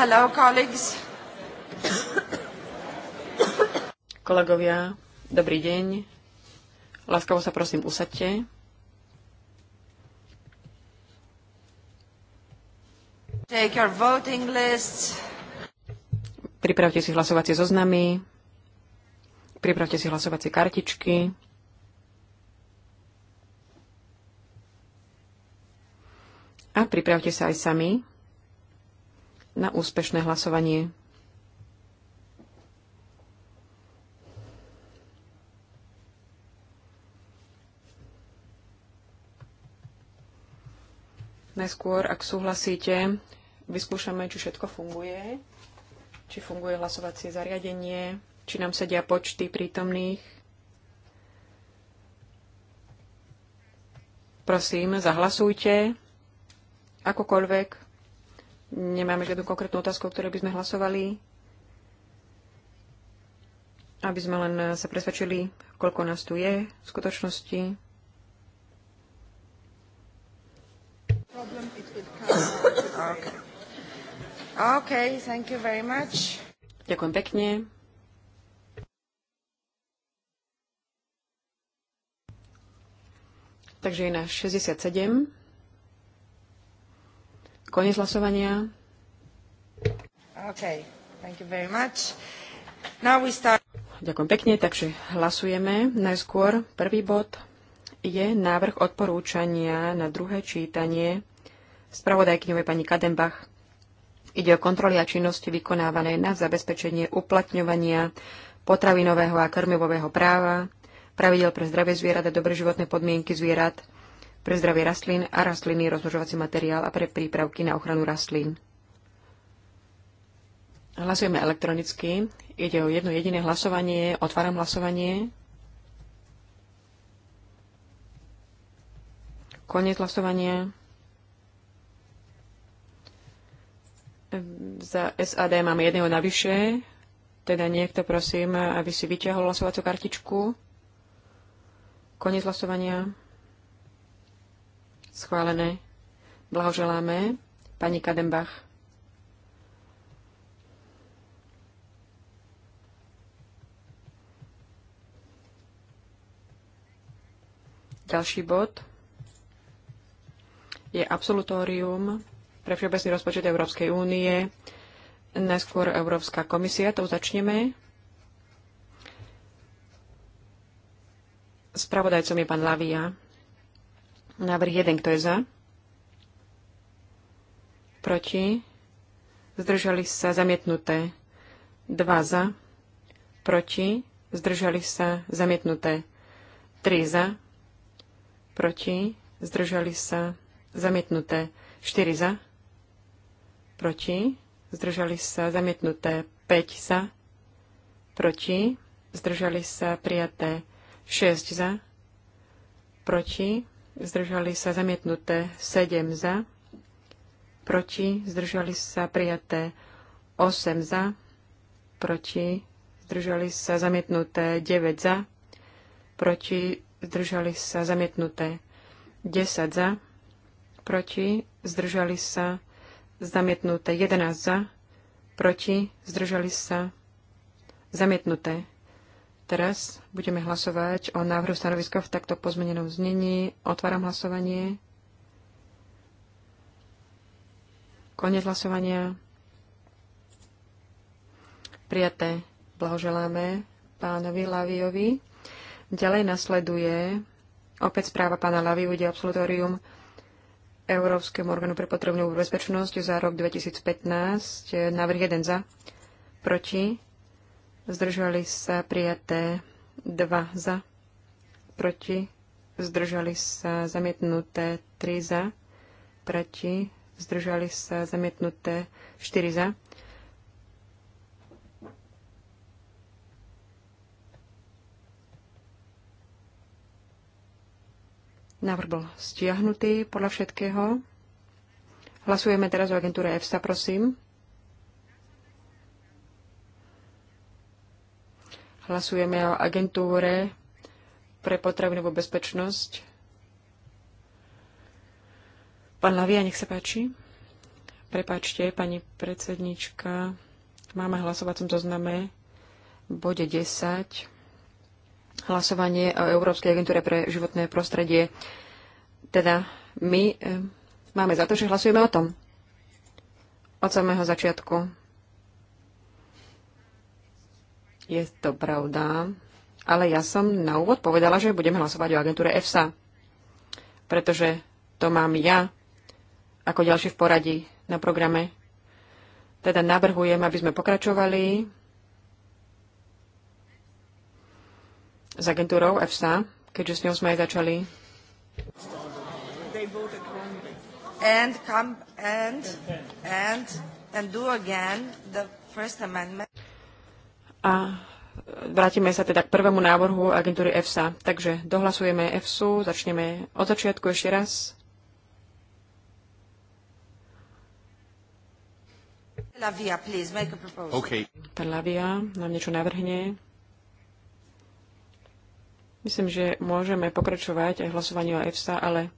Hello, colleagues. Kolegovia, dobrý deň. Láskavo sa prosím usadte. Take your voting lists. Pripravte si hlasovacie zoznamy. Pripravte si hlasovacie kartičky. A pripravte sa aj sami na úspešné hlasovanie. Najskôr, ak súhlasíte, vyskúšame, či všetko funguje, či funguje hlasovacie zariadenie, či nám sedia počty prítomných. Prosím, zahlasujte akokoľvek. Nemáme žiadnu konkrétnu otázku, o ktorej by sme hlasovali. Aby sme len sa presvedčili, koľko nás tu je v skutočnosti. okay. Okay, thank you very much. Ďakujem pekne. Takže je na 67. Koniec hlasovania. Okay. Thank you very much. Now we start... Ďakujem pekne, takže hlasujeme. Najskôr prvý bod je návrh odporúčania na druhé čítanie spravodajkyňovej pani Kadenbach. Ide o kontroly a činnosti vykonávané na zabezpečenie uplatňovania potravinového a krmivového práva, pravidel pre zdravie zvierat a dobre životné podmienky zvierat, pre zdravie rastlín a rastliny, rozmnožovací materiál a pre prípravky na ochranu rastlín. Hlasujeme elektronicky. Ide o jedno jediné hlasovanie. Otváram hlasovanie. Koniec hlasovania. Za SAD máme jedného navyše. Teda niekto, prosím, aby si vyťahol hlasovacú kartičku. Koniec hlasovania. Schválené. Blahoželáme. Pani Kadembach. Ďalší bod je absolutórium pre všeobecný rozpočet Európskej únie. Najskôr Európska komisia, to začneme. Spravodajcom je pán Lavia. Návrh 1, kto je za? Proti? Zdržali sa zamietnuté. 2 za. Proti? Zdržali sa zamietnuté. 3 za. Proti? Zdržali sa zamietnuté. 4 za. Proti? Zdržali sa zamietnuté. 5 za. Proti? Zdržali sa prijaté. 6 za. Proti? zdržali sa zamietnuté 7 za, proti zdržali sa prijaté 8 za, proti zdržali sa zamietnuté 9 za, proti zdržali sa zamietnuté 10 za, proti zdržali sa zamietnuté 11 za, proti zdržali sa zamietnuté Teraz budeme hlasovať o návrhu stanoviska v takto pozmenenom znení. Otváram hlasovanie. Konec hlasovania. Prijaté. Blahoželáme pánovi Laviovi. Ďalej nasleduje opäť správa pána Laviu, ide absolutórium Európskemu orgánu pre potrebnú bezpečnosť za rok 2015. Návrh 1 za. Proti zdržali sa prijaté 2 za, proti, zdržali sa zamietnuté 3 za, proti, zdržali sa zamietnuté 4 za. Návrh bol stiahnutý podľa všetkého. Hlasujeme teraz o agentúre EFSA, prosím. Hlasujeme o agentúre pre potravinovú bezpečnosť. Pán Lavia, nech sa páči. Prepáčte, pani predsednička. Máme hlasovacom zozname v bode 10 hlasovanie o Európskej agentúre pre životné prostredie. Teda my e, máme za to, že hlasujeme o tom. Od samého začiatku. Je to pravda. Ale ja som na úvod povedala, že budem hlasovať o agentúre EFSA. Pretože to mám ja ako ďalší v poradí na programe. Teda navrhujem, aby sme pokračovali s agentúrou EFSA, keďže s ňou sme aj začali. And come and, and, and do again the First Amendment. A vrátime sa teda k prvému návrhu agentúry EFSA. Takže dohlasujeme EFSU, začneme od začiatku ešte raz. Lavia, please, make a proposal. Okay. Pán Lavia nám niečo navrhne. Myslím, že môžeme pokračovať aj hlasovaniu o EFSA, ale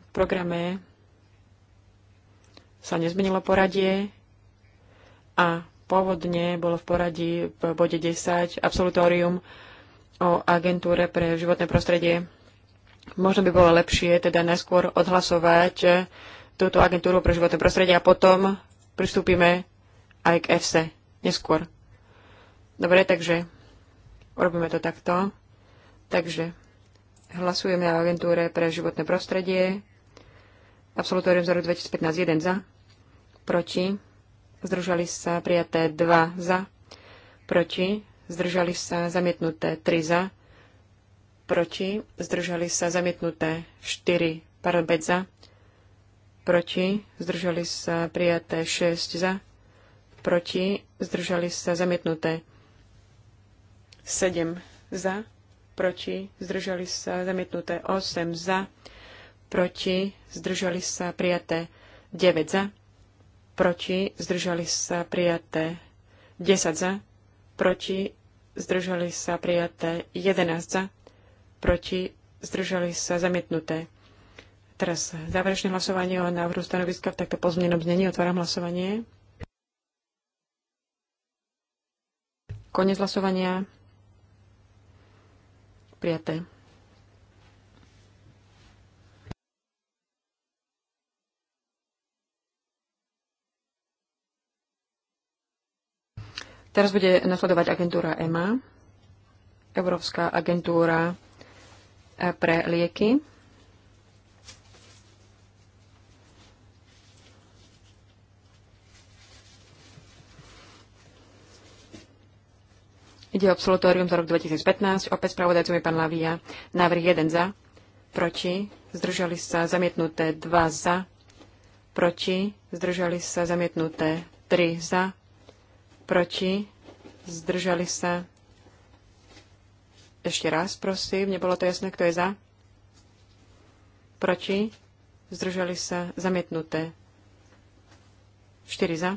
v programe sa nezmenilo poradie a pôvodne bolo v poradí v bode 10 absolutórium o agentúre pre životné prostredie. Možno by bolo lepšie teda najskôr odhlasovať eh, túto agentúru pre životné prostredie a potom pristúpime aj k EFSE neskôr. Dobre, takže robíme to takto. Takže hlasujeme o agentúre pre životné prostredie. Absolutórium za rok 2015 1 za, proti zdržali sa prijaté 2 za, proti, zdržali sa zamietnuté 3 za, proti, zdržali sa zamietnuté 4, pardon, za, proti, zdržali sa prijaté 6 za, proti, zdržali sa zamietnuté 7 za, proti, zdržali sa zamietnuté 8 za, proti, zdržali sa prijaté 9 za, proti, zdržali sa prijaté 10 za, proti, zdržali sa prijaté 11 za, proti, zdržali sa zamietnuté. Teraz záverečné hlasovanie o návrhu stanoviska v takto pozmenenom znení. Otváram hlasovanie. Konec hlasovania. Prijaté. Teraz bude nasledovať agentúra EMA, Európska agentúra eh, pre lieky. Ide o absolutórium za rok 2015. Opäť spravodajcom je pán Lavia. Návrh 1 za, proti, zdržali sa zamietnuté 2 za, proti, zdržali sa zamietnuté 3 za, proti, zdržali sa. Ešte raz, prosím, nebolo to jasné, kto je za? Proti, zdržali sa, zamietnuté. 4 za,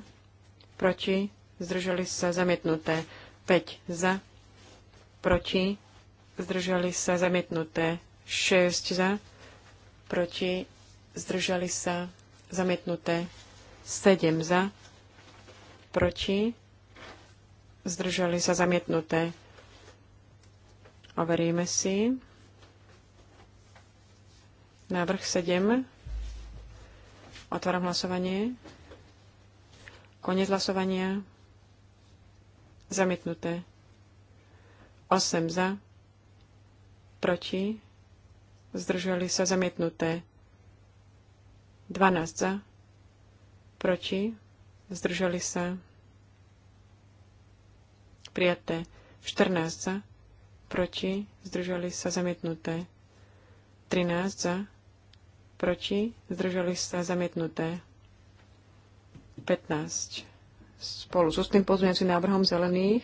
proti, zdržali sa, zamietnuté. 5 za, proti, zdržali sa, zamietnuté. 6 za, proti, zdržali sa, zamietnuté. 7 za, proti, zdržali sa zamietnuté. Overíme si. Návrh 7. Otváram hlasovanie. Konec hlasovania. Zamietnuté. 8 za. Proti. Zdržali sa zamietnuté. 12 za. Proti. Zdržali sa prijaté. 14 za, proti, zdržali sa zamietnuté. 13 za, proti, zdržali sa zamietnuté. 15. Spolu s ústnym pozmeňujúcim návrhom zelených.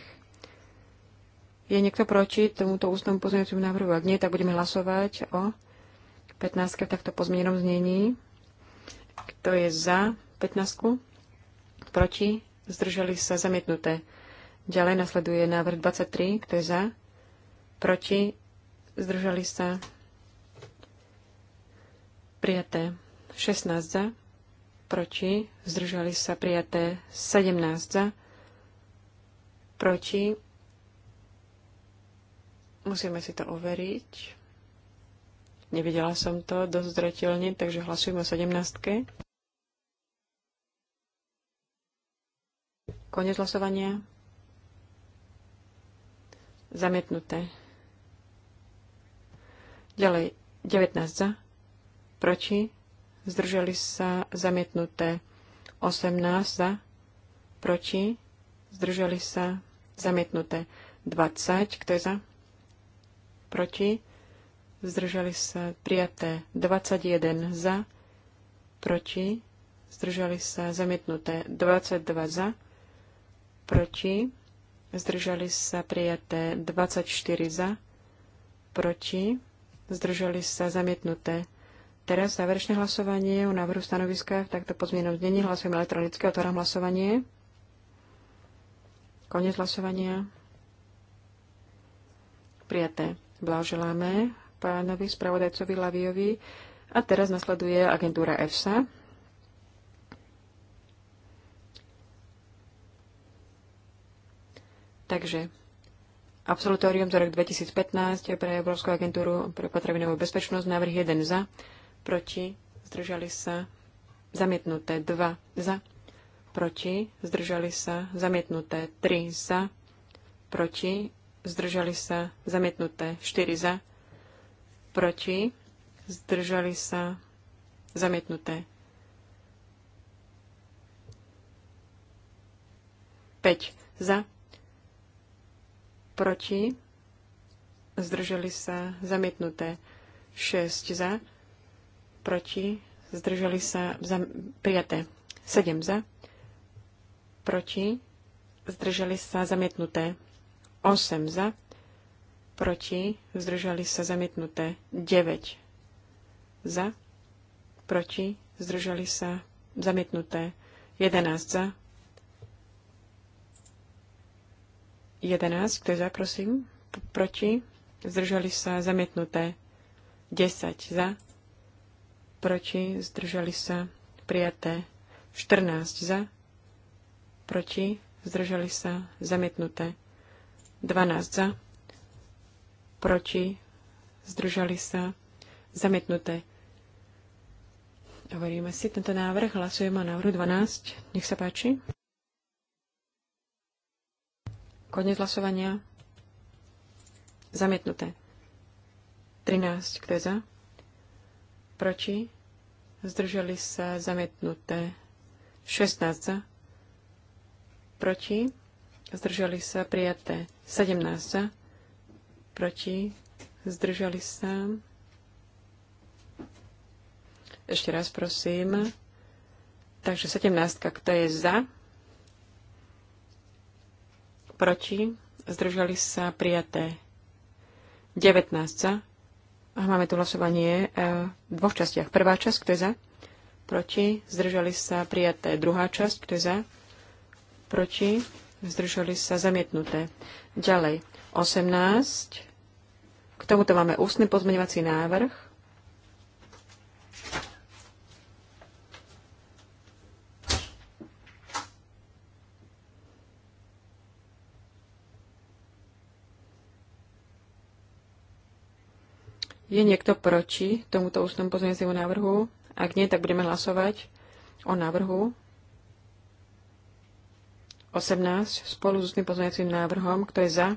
Je niekto proti tomuto ústnom pozmeňujúcim návrhu? Ak nie, tak budeme hlasovať o 15 v takto pozmenenom znení. Kto je za 15? Proti? Zdržali sa zamietnuté. Ďalej nasleduje návrh 23, kto je za, proti, zdržali sa, prijaté 16 za, proti, zdržali sa, prijaté 17 za, proti, musíme si to overiť. Nevidela som to dosť zretelne, takže hlasujeme o 17. Konec hlasovania. Zamietnuté. Ďalej 19 za, proti, zdržali sa zamietnuté 18 za, proti, zdržali sa zamietnuté 20, kto je za, proti, zdržali sa prijaté 21 za, proti, zdržali sa zamietnuté 22 za, proti, zdržali sa prijaté 24 za, proti, zdržali sa zamietnuté. Teraz záverečné hlasovanie o návrhu stanoviska v takto pozmienom znení. Hlasujem elektronicky, otváram hlasovanie. Konec hlasovania. Prijaté. Blahoželáme pánovi spravodajcovi Laviovi. A teraz nasleduje agentúra EFSA. Takže absolutórium za rok 2015 pre Európsku agentúru pre potravinovú bezpečnosť, návrh 1 za, proti, zdržali sa, zamietnuté 2 za, proti, zdržali sa, zamietnuté 3 za, proti, zdržali sa, zamietnuté 4 za, proti, zdržali sa, zamietnuté 5 za, proti, zdrželi sa zamietnuté 6 za, proti, zdrželi sa zam, prijaté 7 za, proti, zdrželi sa zamietnuté 8 za, proti, zdrželi sa zamietnuté 9 za, proti, zdrželi sa zamietnuté 11 za, 11, kto je za, prosím, proti, zdržali sa, zamietnuté. 10 za, proti, zdržali sa, prijaté. 14 za, proti, zdržali sa, zamietnuté. 12 za, proti, zdržali sa, zamietnuté. Hovoríme si tento návrh, hlasujeme o návrhu 12. Nech sa páči. Konec hlasovania. Zamietnuté. 13. Kto je za? Proti? Zdržali sa zamietnuté. 16. Za? Proti? Zdržali sa prijaté. 17. Za? Proti? Zdržali sa. Ešte raz prosím. Takže 17. Kto je za? proti, zdržali sa prijaté 19 za. A máme tu hlasovanie e, v dvoch častiach. Prvá časť, kto je za? Proti, zdržali sa prijaté. Druhá časť, kto je za? Proti, zdržali sa zamietnuté. Ďalej, 18. K tomuto máme ústny pozmeňovací návrh Je niekto proti tomuto ústnom pozmeňujúcemu návrhu? Ak nie, tak budeme hlasovať o návrhu 18 spolu s ústnym pozmeňujúcim návrhom. Kto je za?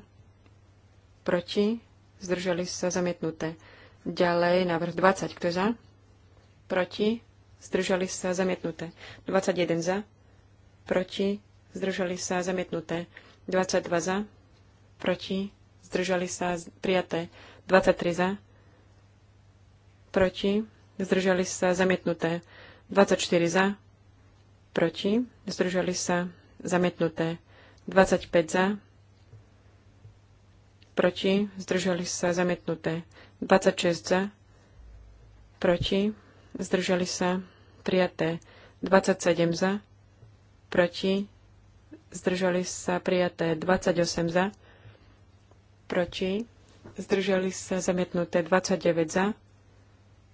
Proti? Zdržali sa zamietnuté. Ďalej návrh 20. Kto je za? Proti? Zdržali sa zamietnuté. 21 za? Proti? Zdržali sa zamietnuté. 22 za? Proti? Zdržali sa prijaté. 23 za? proti, zdržali sa zamietnuté. 24 za, proti, zdržali sa zamietnuté. 25 za, proti, zdržali sa zamietnuté. 26 za, proti, zdržali sa prijaté. 27 za, proti, zdržali sa prijaté 28 za, proti, zdržali sa zamietnuté 29 za,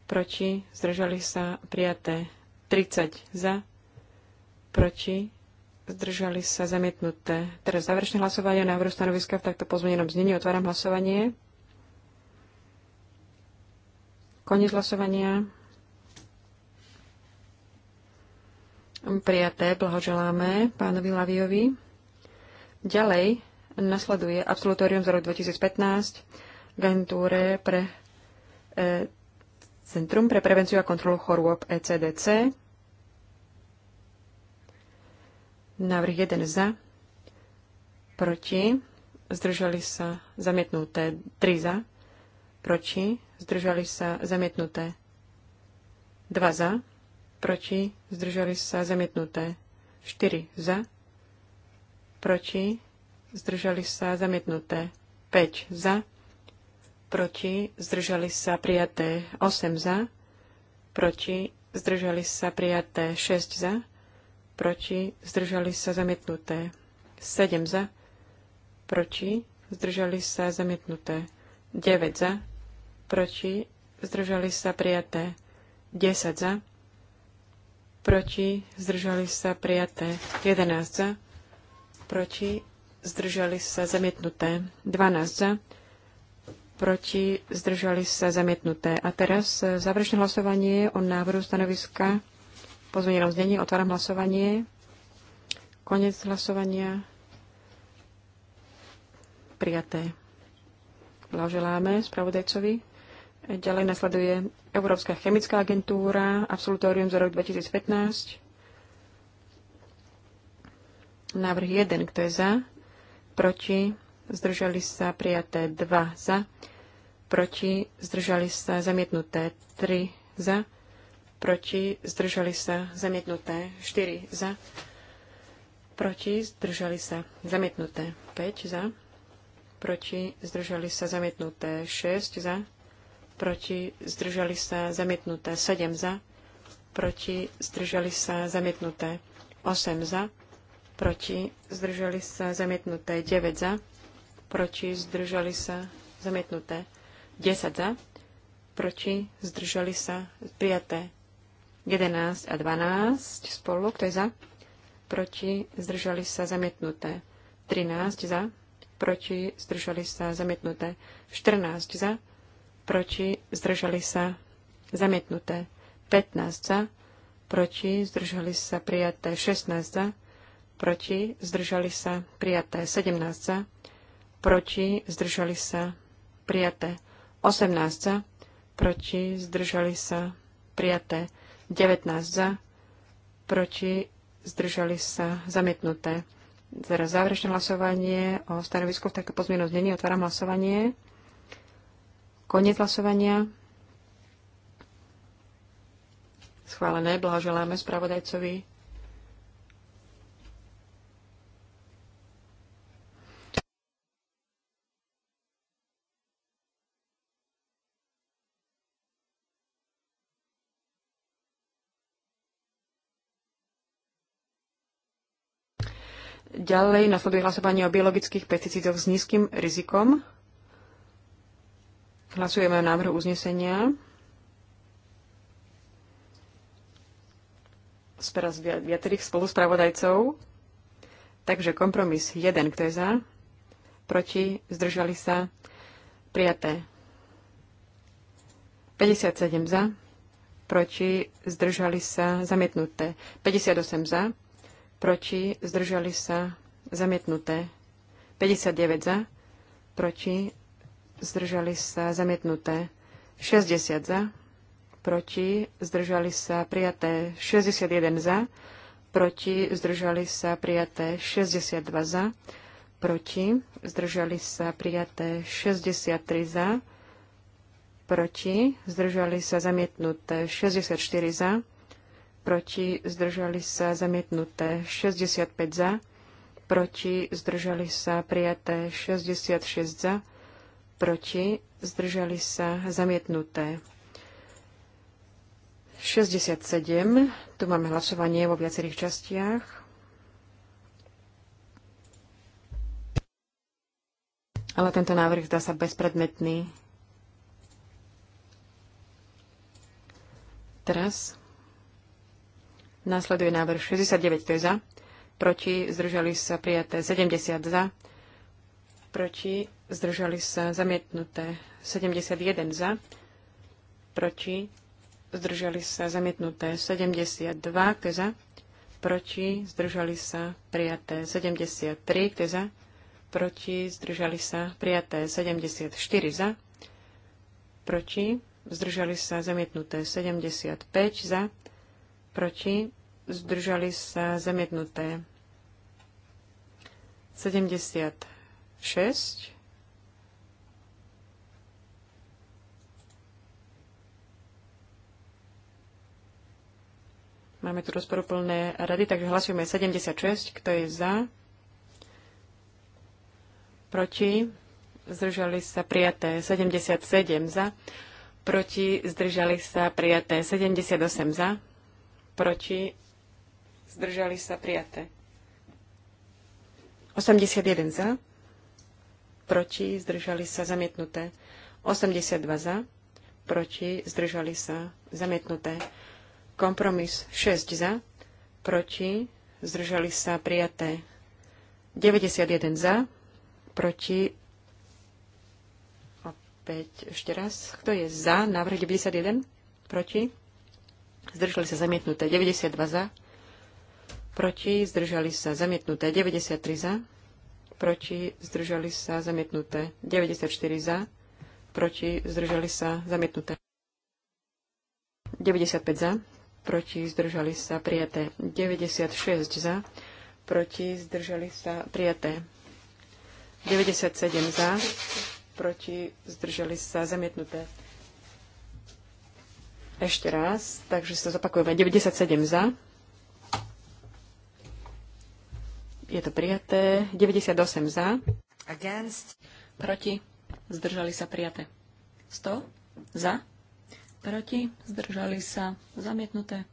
proti, zdržali sa prijaté 30 za, proti, zdržali sa zamietnuté. Teraz záverečné hlasovanie o návrhu stanoviska v takto pozmenenom znení. Otváram hlasovanie. Koniec hlasovania. Prijaté, blahoželáme pánovi Laviovi. Ďalej nasleduje absolutórium za rok 2015 Gentúre pre e, Centrum pre prevenciu a kontrolu chorôb ECDC. Návrh 1 za, proti, zdržali sa zamietnuté 3 za, proti, zdržali sa zamietnuté 2 za, proti, zdržali sa zamietnuté 4 za, proti, zdržali sa zamietnuté 5 za, proti, zdržali sa prijaté 8 za, proti, zdržali sa prijaté 6 za, proti, zdržali sa zamietnuté 7 za, proti, zdržali sa zamietnuté 9 za, proti, zdržali sa prijaté 10 za, proti, zdržali sa prijaté 11 za, proti, zdržali sa zamietnuté 12 za, proti, zdržali sa zamietnuté. A teraz e, záverečné hlasovanie o návrhu stanoviska po zmenenom znení. Otváram hlasovanie. Konec hlasovania. Prijaté. Blahoželáme spravodajcovi. E, ďalej nasleduje Európska chemická agentúra, absolutórium za rok 2015. Návrh 1, kto je za, proti, zdržali sa prijaté 2 za, proti zdržali sa zamietnuté 3 za, proti zdržali sa zamietnuté 4 za, proti zdržali sa zamietnuté 5 za, proti zdržali sa zamietnuté 6 za, proti zdržali sa zamietnuté 7 za, proti zdržali sa zamietnuté 8 za, proti zdržali sa zamietnuté 9 za, proti zdržali sa zamietnuté. 10 za, proti zdržali sa prijaté. 11 a 12 spolu, kto je za? Proti zdržali sa zamietnuté. 13 za, proti zdržali sa zamietnuté. 14 za, proti zdržali sa zamietnuté. 15 za, proti zdržali sa prijaté. 16 za, proti zdržali sa prijaté. 17 za, proti, zdržali sa, prijaté. 18 za, proti, zdržali sa, prijaté. 19 za, proti, zdržali sa, zamietnuté. Teraz záverečné hlasovanie o stanovisku v také pozmienu znení. Otváram hlasovanie. Koniec hlasovania. Schválené. Blahoželáme spravodajcovi. Ďalej nasleduje hlasovanie o biologických pesticídoch s nízkym rizikom. Hlasujeme o návrhu uznesenia. Spera z viacerých spoluspravodajcov. Takže kompromis 1, kto je za? Proti? Zdržali sa? Prijaté. 57 za, proti, zdržali sa, zamietnuté. 58 za, proti, zdržali sa, zamietnuté. 59 za, proti, zdržali sa, zamietnuté. 60 za, proti, zdržali sa, prijaté. 61 za, proti, zdržali sa, prijaté. 62 za, proti, zdržali sa, prijaté. 63 za, proti, zdržali sa, zamietnuté. 64 za, proti zdržali sa zamietnuté 65 za, proti zdržali sa prijaté 66 za, proti zdržali sa zamietnuté 67. Tu máme hlasovanie vo viacerých častiach. Ale tento návrh zdá sa bezpredmetný. Teraz Nasleduje návrh 69, to je za. Proti zdržali sa prijaté 70 za. Proti zdržali sa zamietnuté 71 za. Proti zdržali sa zamietnuté 72, kto je za. Proti zdržali sa prijaté 73, kto je za. Proti zdržali sa prijaté 74 za. Proti zdržali sa zamietnuté 75 za proti, zdržali sa zamietnuté. 76 Máme tu rozporuplné rady, takže hlasujeme 76. Kto je za? Proti? Zdržali sa prijaté 77 za. Proti? Zdržali sa prijaté 78 za proti, zdržali sa prijaté. 81 za, proti, zdržali sa zamietnuté. 82 za, proti, zdržali sa zamietnuté. Kompromis 6 za, proti, zdržali sa prijaté. 91 za, proti, opäť ešte raz, kto je za návrh 91, proti, zdržali sa zamietnuté 92 za, proti, zdržali sa zamietnuté 93 za, proti, zdržali sa zamietnuté 94 za, proti, zdržali sa zamietnuté 95 za, proti, zdržali sa prijaté 96 za, proti, zdržali sa prijaté 97 za, proti, zdržali sa zamietnuté ešte raz, takže si to zopakujeme. 97 za. Je to prijaté. 98 za. Against. Proti. Zdržali sa prijaté. 100 za. Proti. Zdržali sa zamietnuté.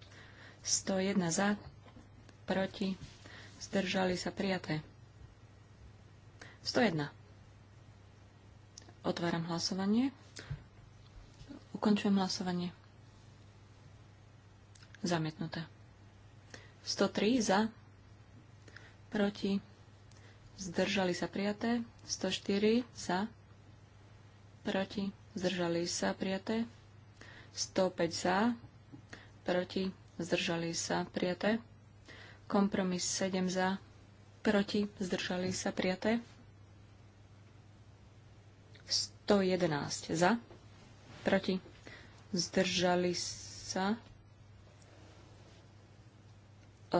101 za. Proti. Zdržali sa prijaté. 101. Otváram hlasovanie. Ukončujem hlasovanie. Zamietnuté. 103 za, proti, zdržali sa prijaté. 104 za, proti, zdržali sa prijaté. 105 za, proti, zdržali sa prijaté. Kompromis 7 za, proti, zdržali sa prijaté. 111 za, proti, zdržali sa prijaté E,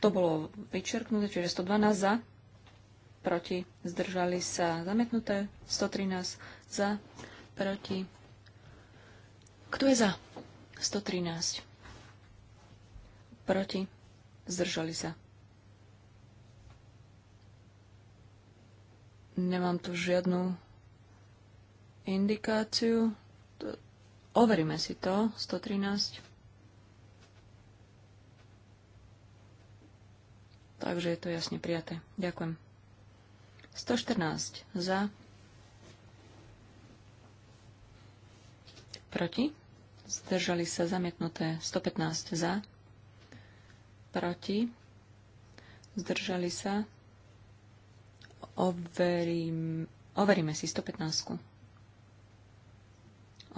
to bolo vyčerknuté, čiže 112 za, proti, zdržali sa zametnuté, 113 za, proti. Kto je za? 113. Proti, zdržali sa. Nemám tu žiadnu indikáciu. Overíme si to. 113. Takže je to jasne prijaté. Ďakujem. 114 za. Proti. Zdržali sa zamietnuté 115 za. Proti. Zdržali sa. Overím, overíme si 115.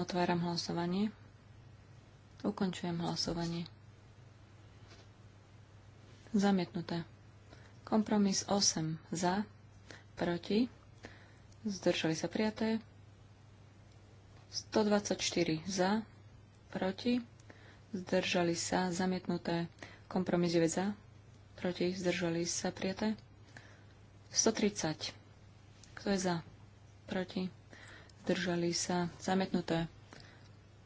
Otváram hlasovanie. Ukončujem hlasovanie. Zamietnuté. Kompromis 8 za, proti, zdržali sa prijaté. 124 za, proti, zdržali sa zamietnuté. Kompromis 9 za, proti, zdržali sa prijaté. 130. Kto je za? Proti. Zdržali sa zamietnuté.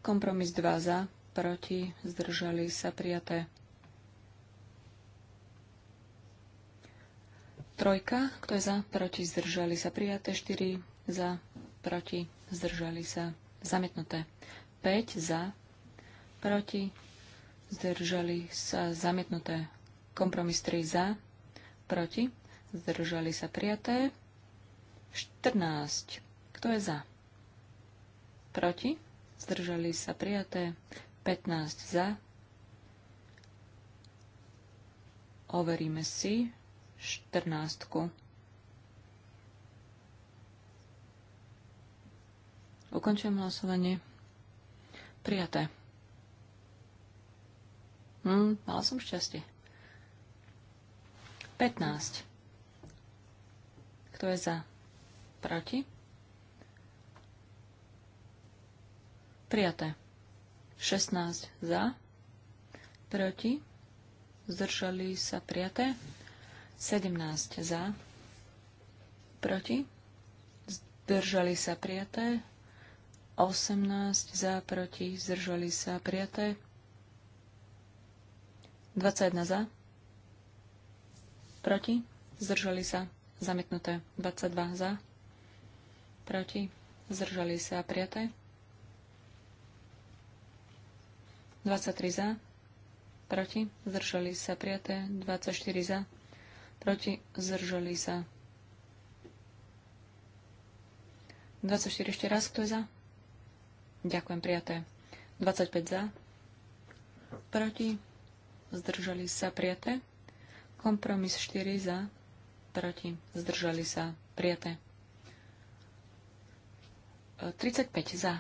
Kompromis 2 za, proti, zdržali sa prijaté. Trojka, kto je za, proti, zdržali sa prijaté. 4 za, proti, zdržali sa zamietnuté. 5 za, proti, zdržali sa zamietnuté. Kompromis 3 za, proti, zdržali sa prijaté. 14. Kto je za? Proti, zdržali sa prijaté. 15 za. Overíme si 14. Ukončujem hlasovanie. Prijaté. Hm, mala som šťastie. 15. Kto je za? Proti? Prijaté. 16 za. Proti? Zdržali sa prijaté. 17 za, proti, zdržali sa prijaté, 18 za, proti, zdržali sa prijaté, 21 za, proti, zdržali sa zamietnuté, 22 za, proti, zdržali sa prijaté, 23 za, proti, zdržali sa prijaté, 24 za, proti, zdržali sa. 24 ešte raz, kto je za? Ďakujem, prijaté. 25 za, proti, zdržali sa, prijaté. Kompromis 4 za, proti, zdržali sa, prijaté. 35 e, za.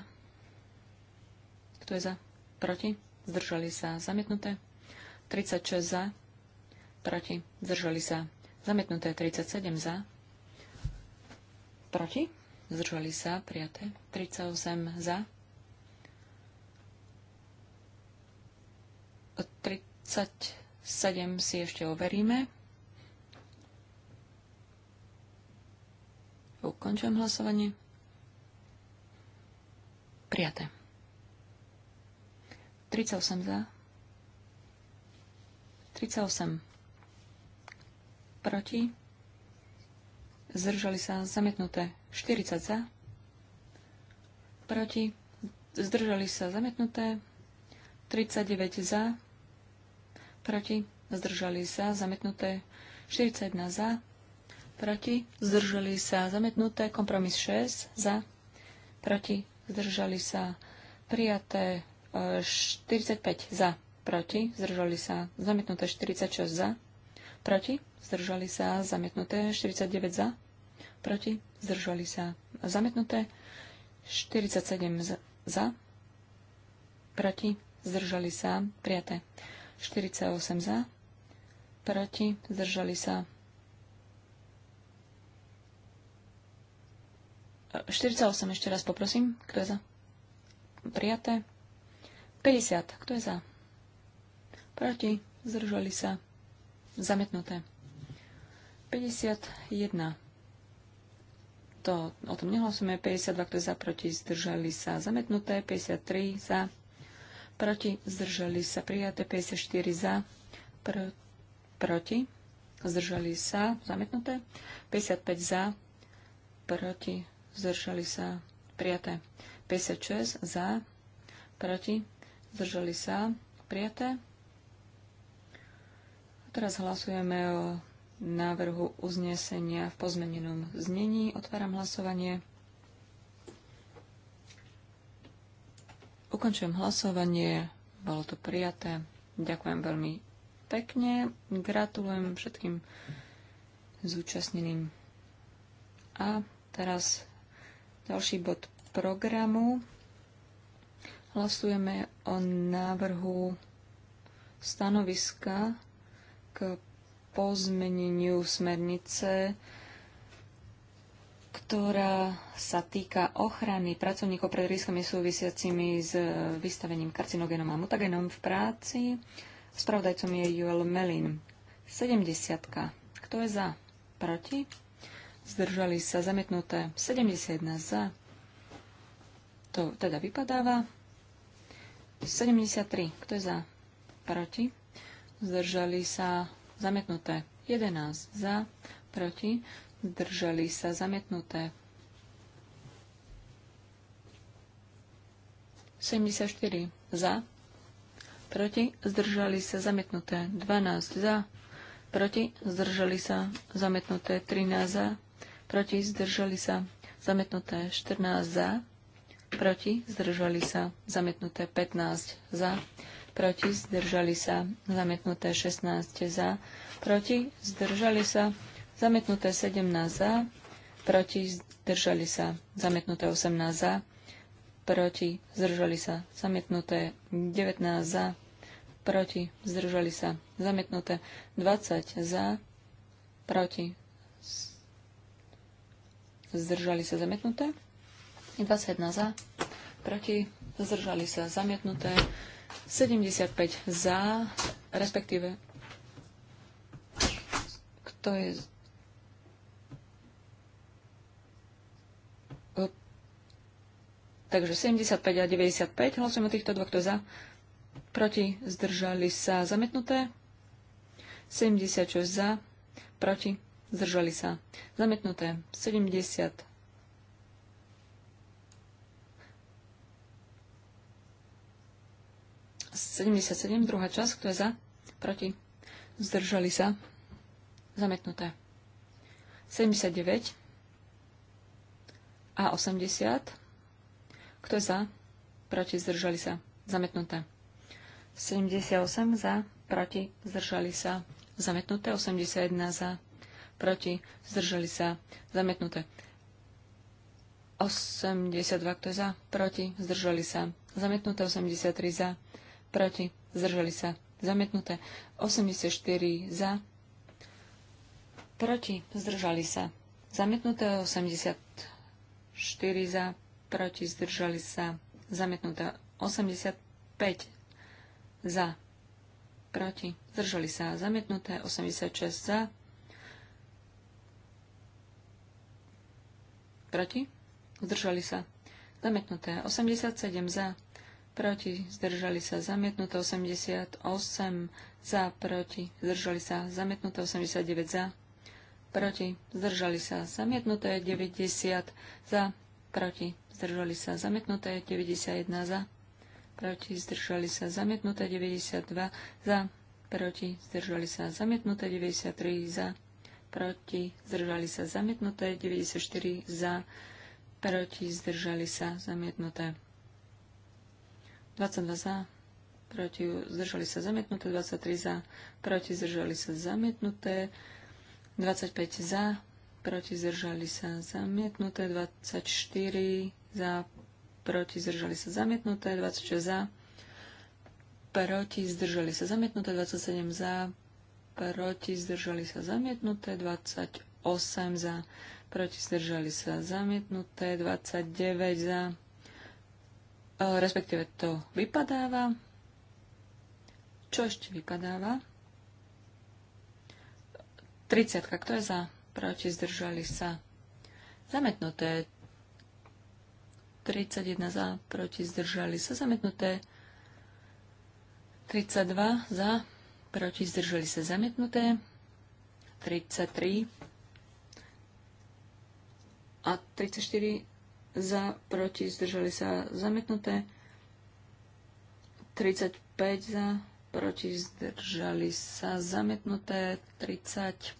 Kto je za? Proti? Zdržali sa zamietnuté. 36 za proti, zdržali sa. Zamietnuté 37 za, proti, zdržali sa, prijaté 38 za. 37 si ešte overíme. Ukončujem hlasovanie. Prijaté. 38 za. 38 proti, zdržali sa zamietnuté 40 za, proti, zdržali sa zamietnuté 39 za, proti, zdržali sa zamietnuté 41 za, proti, zdržali sa zamietnuté kompromis 6 za, proti, zdržali sa prijaté 45 e, za, proti, zdržali sa zamietnuté 46 za, proti, zdržali sa, zamietnuté. 49 za, proti, zdržali sa, zamietnuté. 47 za, proti, zdržali sa, prijaté. 48 za, proti, zdržali sa. 48 ešte raz poprosím, kto je za? Prijaté. 50, kto je za? Proti, zdržali sa, zamietnuté. 51. To, o tom nehlasujeme. 52, ktoré za, proti, zdržali sa zametnuté. 53 za, proti, zdržali sa prijaté. 54 za, pr- proti, zdržali sa zametnuté. 55 za, proti, zdržali sa prijaté. 56 za, proti, zdržali sa prijaté. A teraz hlasujeme o návrhu uznesenia v pozmenenom znení. Otváram hlasovanie. Ukončujem hlasovanie. Bolo to prijaté. Ďakujem veľmi pekne. Gratulujem všetkým zúčastneným. A teraz ďalší bod programu. Hlasujeme o návrhu stanoviska k pozmeneniu smernice, ktorá sa týka ochrany pracovníkov pred riskami súvisiacimi s e, vystavením karcinogénom a mutagénom v práci. Spravodajcom je Joel Melin. 70. Kto je za? Proti? Zdržali sa zamietnuté 71 za. To teda vypadáva. 73. Kto je za? Proti? Zdržali sa zamietnuté. 11 za, proti, zdržali sa, zamietnuté. 74 za, proti, zdržali sa, zamietnuté. 12 za, proti, zdržali sa, zamietnuté. 13 za, proti, zdržali sa, zamietnuté. 14 za, proti, zdržali sa, zamietnuté. 15 za, proti, zdržali sa, zamietnuté 16 za, proti, zdržali sa, zamietnuté 17 za, proti, zdržali sa, zamietnuté 18 za, proti, zdržali sa, zamietnuté 19 za, proti, zdržali sa, zamietnuté 20 za, proti, zdržali sa, zamietnuté 21 za, proti, zdržali sa, zamietnuté 75 za, respektíve kto je Takže 75 a 95, hlasujeme týchto dvoch, kto je za, proti, zdržali sa, zamietnuté, 76 za, proti, zdržali sa, zamietnuté, 70. 77, druhá časť, kto je za, proti, zdržali sa, zametnuté. 79 a 80, kto je za, proti, zdržali sa, zametnuté. 78 za, proti, zdržali sa, zametnuté. 81 za, proti, zdržali sa, zametnuté. 82, kto je za, proti, zdržali sa, zametnuté, 83 za, proti, zdržali sa, zamietnuté. 84 za, proti, zdržali sa, zamietnuté. 84 za, proti, zdržali sa, zamietnuté. 85 za, proti, zdržali sa, zamietnuté. 86 za, proti, zdržali sa, zamietnuté. 87 za, proti, zdržali sa zamietnuté 88 za, proti, zdržali sa zamietnuté 89 za, proti, zdržali sa zamietnuté 90 za, proti, zdržali sa zamietnuté 91 za, proti, zdržali sa zamietnuté 92 za, proti, zdržali sa zamietnuté 93 za, proti, zdržali sa zamietnuté 94 za, proti, zdržali sa zamietnuté 22 za, proti zdržali sa zamietnuté, 23 za, proti zdržali sa zamietnuté, 25 za, proti zdržali sa zamietnuté, 24 za, proti zdržali sa zamietnuté, 26 za, proti zdržali sa zamietnuté, 27 za, proti zdržali sa zamietnuté, 28 za, proti zdržali sa zamietnuté, 29 za, E, respektíve to vypadáva. Čo ešte vypadáva? 30. Kto je za? Proti zdržali sa. Zametnuté. 31 za, proti zdržali sa. Zametnuté. 32 za, proti zdržali sa. Zametnuté. 33 a 34 za, proti, zdržali sa zamietnuté, 35 za, proti, zdržali sa zamietnuté, 37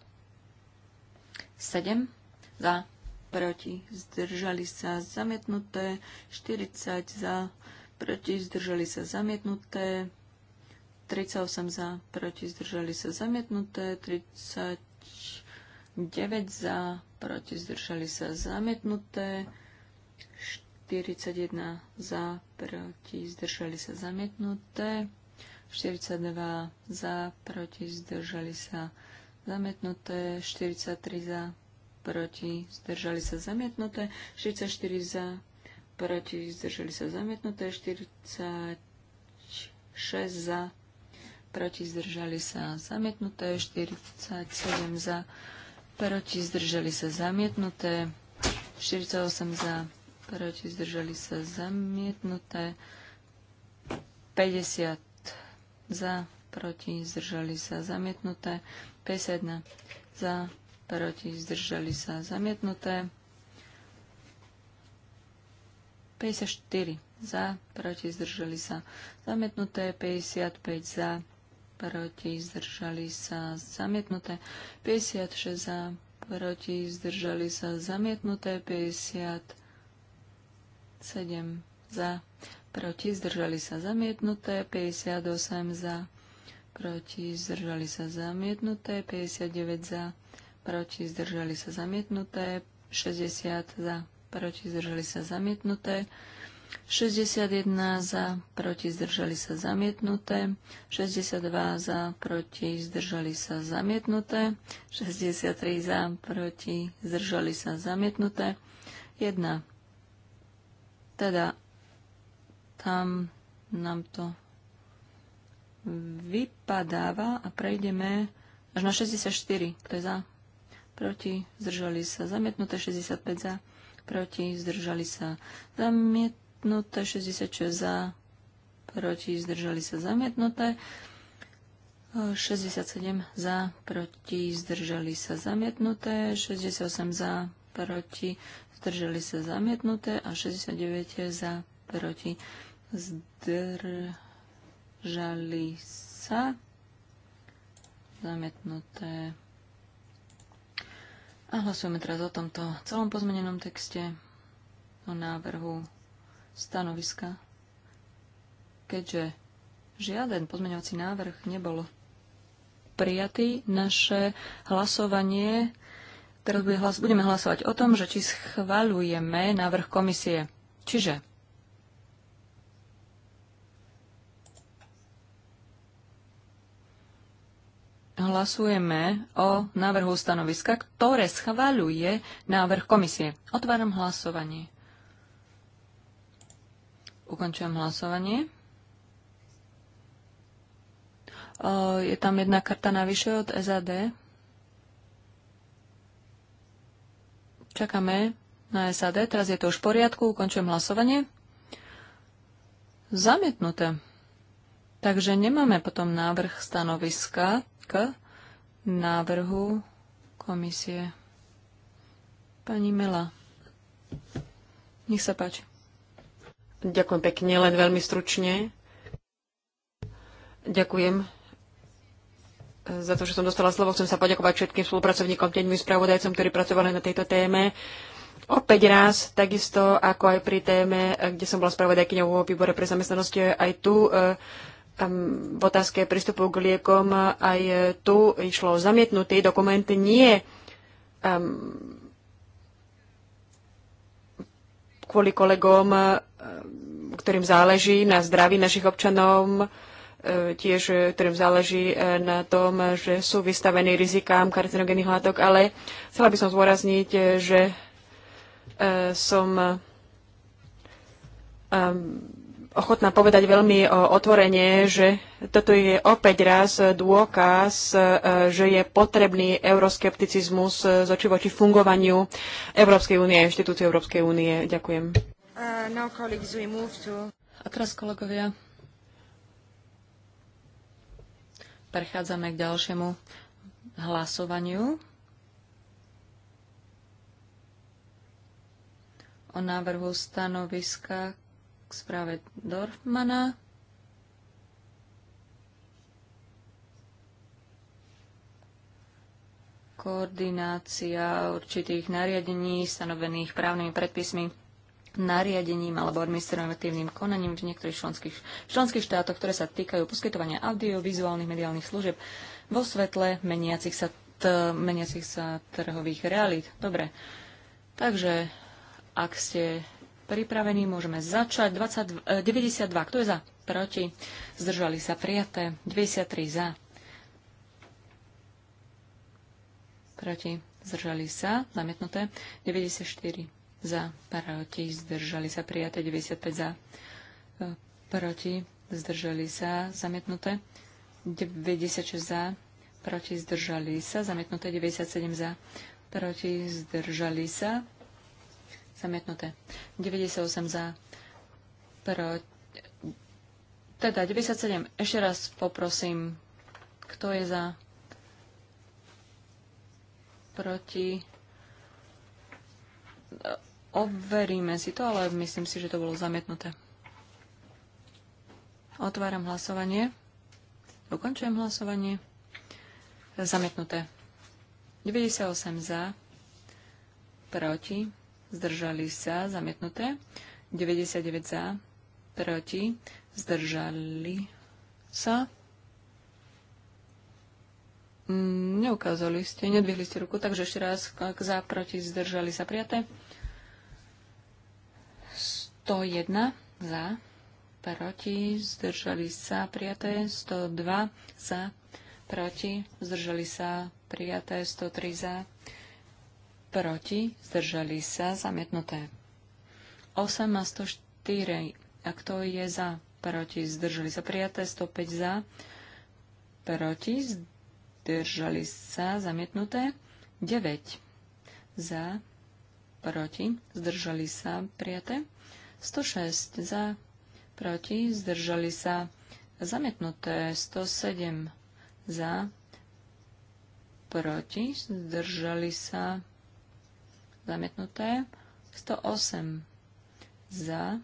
za, proti, zdržali sa zamietnuté, 40 za, proti, zdržali sa zamietnuté, 38 za, proti, zdržali sa zamietnuté, 39 za, proti, zdržali sa zamietnuté, 41 za, proti, zdržali sa zamietnuté. 42 za, proti, zdržali sa zamietnuté. 43 za, proti, zdržali sa zamietnuté. 44 za, proti, zdržali sa zamietnuté. 46 za, proti, zdržali sa zamietnuté. 47 za, proti, zdržali sa zamietnuté. 48 za, proti, zdržali sa zamietnuté. 50 za, proti, zdržali sa zamietnuté. 51 za, proti, zdržali sa zamietnuté. 54 za, proti, zdržali sa zamietnuté. 55 za, proti, zdržali sa zamietnuté. 56 za, proti, zdržali sa zamietnuté. 50 7 za, proti, zdržali sa zamietnuté, 58 za, proti, zdržali sa zamietnuté, 59 za, proti, zdržali sa zamietnuté, 60 za, proti, zdržali sa zamietnuté, 61 za, proti, zdržali sa zamietnuté, 62 za, proti, zdržali sa zamietnuté, 63 za, proti, zdržali sa zamietnuté, 1 teda tam nám to vypadáva a prejdeme až na 64. Kto je za? Proti, zdržali sa. Zamietnuté 65 za. Proti, zdržali sa. Zamietnuté 66 za. Proti, zdržali sa. Zamietnuté 67 za. Proti, zdržali sa. Zamietnuté 68 za proti, zdržali sa zamietnuté a 69 za, proti, zdržali sa zamietnuté. A hlasujeme teraz o tomto celom pozmenenom texte, o návrhu stanoviska, keďže žiaden pozmeňovací návrh nebol prijatý. Naše hlasovanie Teraz bude hlas- budeme hlasovať o tom, že či schvaľujeme návrh komisie. Čiže hlasujeme o návrhu stanoviska, ktoré schvaľuje návrh komisie. Otváram hlasovanie. Ukončujem hlasovanie. Je tam jedna karta navyše od SAD. Čakáme na SAD. Teraz je to už v poriadku. Ukončujem hlasovanie. Zamietnuté. Takže nemáme potom návrh stanoviska k návrhu komisie. Pani Mela, nech sa páči. Ďakujem pekne, len veľmi stručne. Ďakujem za to, že som dostala slovo. Chcem sa poďakovať všetkým spolupracovníkom, tým spravodajcom, ktorí pracovali na tejto téme. Opäť raz, takisto ako aj pri téme, kde som bola spravodajkyňou vo výbore pre zamestnanosti, aj tu e, v otázke prístupu k liekom, aj tu išlo zamietnutý dokument, nie um, kvôli kolegom, e, ktorým záleží na zdraví našich občanov, tiež, ktorým záleží e, na tom, že sú vystavení rizikám karcinogénnych látok, ale chcela by som zvorazniť, e, že e, som ochotná povedať veľmi otvorene, že toto je opäť raz dôkaz, že je potrebný euroskepticizmus z oči voči fungovaniu Európskej únie a inštitúcie Európskej únie. Ďakujem. Uh, no, to... A teraz, kolegovia, Prechádzame k ďalšiemu hlasovaniu. O návrhu stanoviska k správe Dorfmana. koordinácia určitých nariadení stanovených právnymi predpismi nariadením alebo administratívnym konaním v niektorých členských, členských štátoch, ktoré sa týkajú poskytovania audiovizuálnych mediálnych služieb vo svetle meniacich sa, t- meniacich sa trhových realít. Dobre, takže ak ste pripravení, môžeme začať. 22, 92, e, kto je za? Proti. Zdržali sa prijaté. 93 za. Proti. Zdržali sa. Zamietnuté. 94 za, proti, zdržali sa prijaté 95 e, za, proti, zdržali sa zamietnuté 96 za, proti, zdržali sa zamietnuté 97 za, proti, zdržali sa zamietnuté 98 za, proti, teda 97, ešte raz poprosím, kto je za, proti, Overíme si to, ale myslím si, že to bolo zamietnuté. Otváram hlasovanie. Ukončujem hlasovanie. Zamietnuté. 98 za, proti, zdržali sa, zamietnuté. 99 za, proti, zdržali sa. Neukázali ste, nedvihli ste ruku, takže ešte raz, za, proti, zdržali sa, prijaté. 101 za, proti, zdržali sa, prijaté. 102 za, proti, zdržali sa, prijaté. 103 za, proti, zdržali sa, zamietnuté. 8 a 104, a kto je za, proti, zdržali sa, prijaté. 105 za, proti, zdržali sa, zamietnuté. 9 za, proti, zdržali sa, prijaté. 106 za, proti, zdržali sa zamietnuté 107 za, proti, zdržali sa zamietnuté 108 za,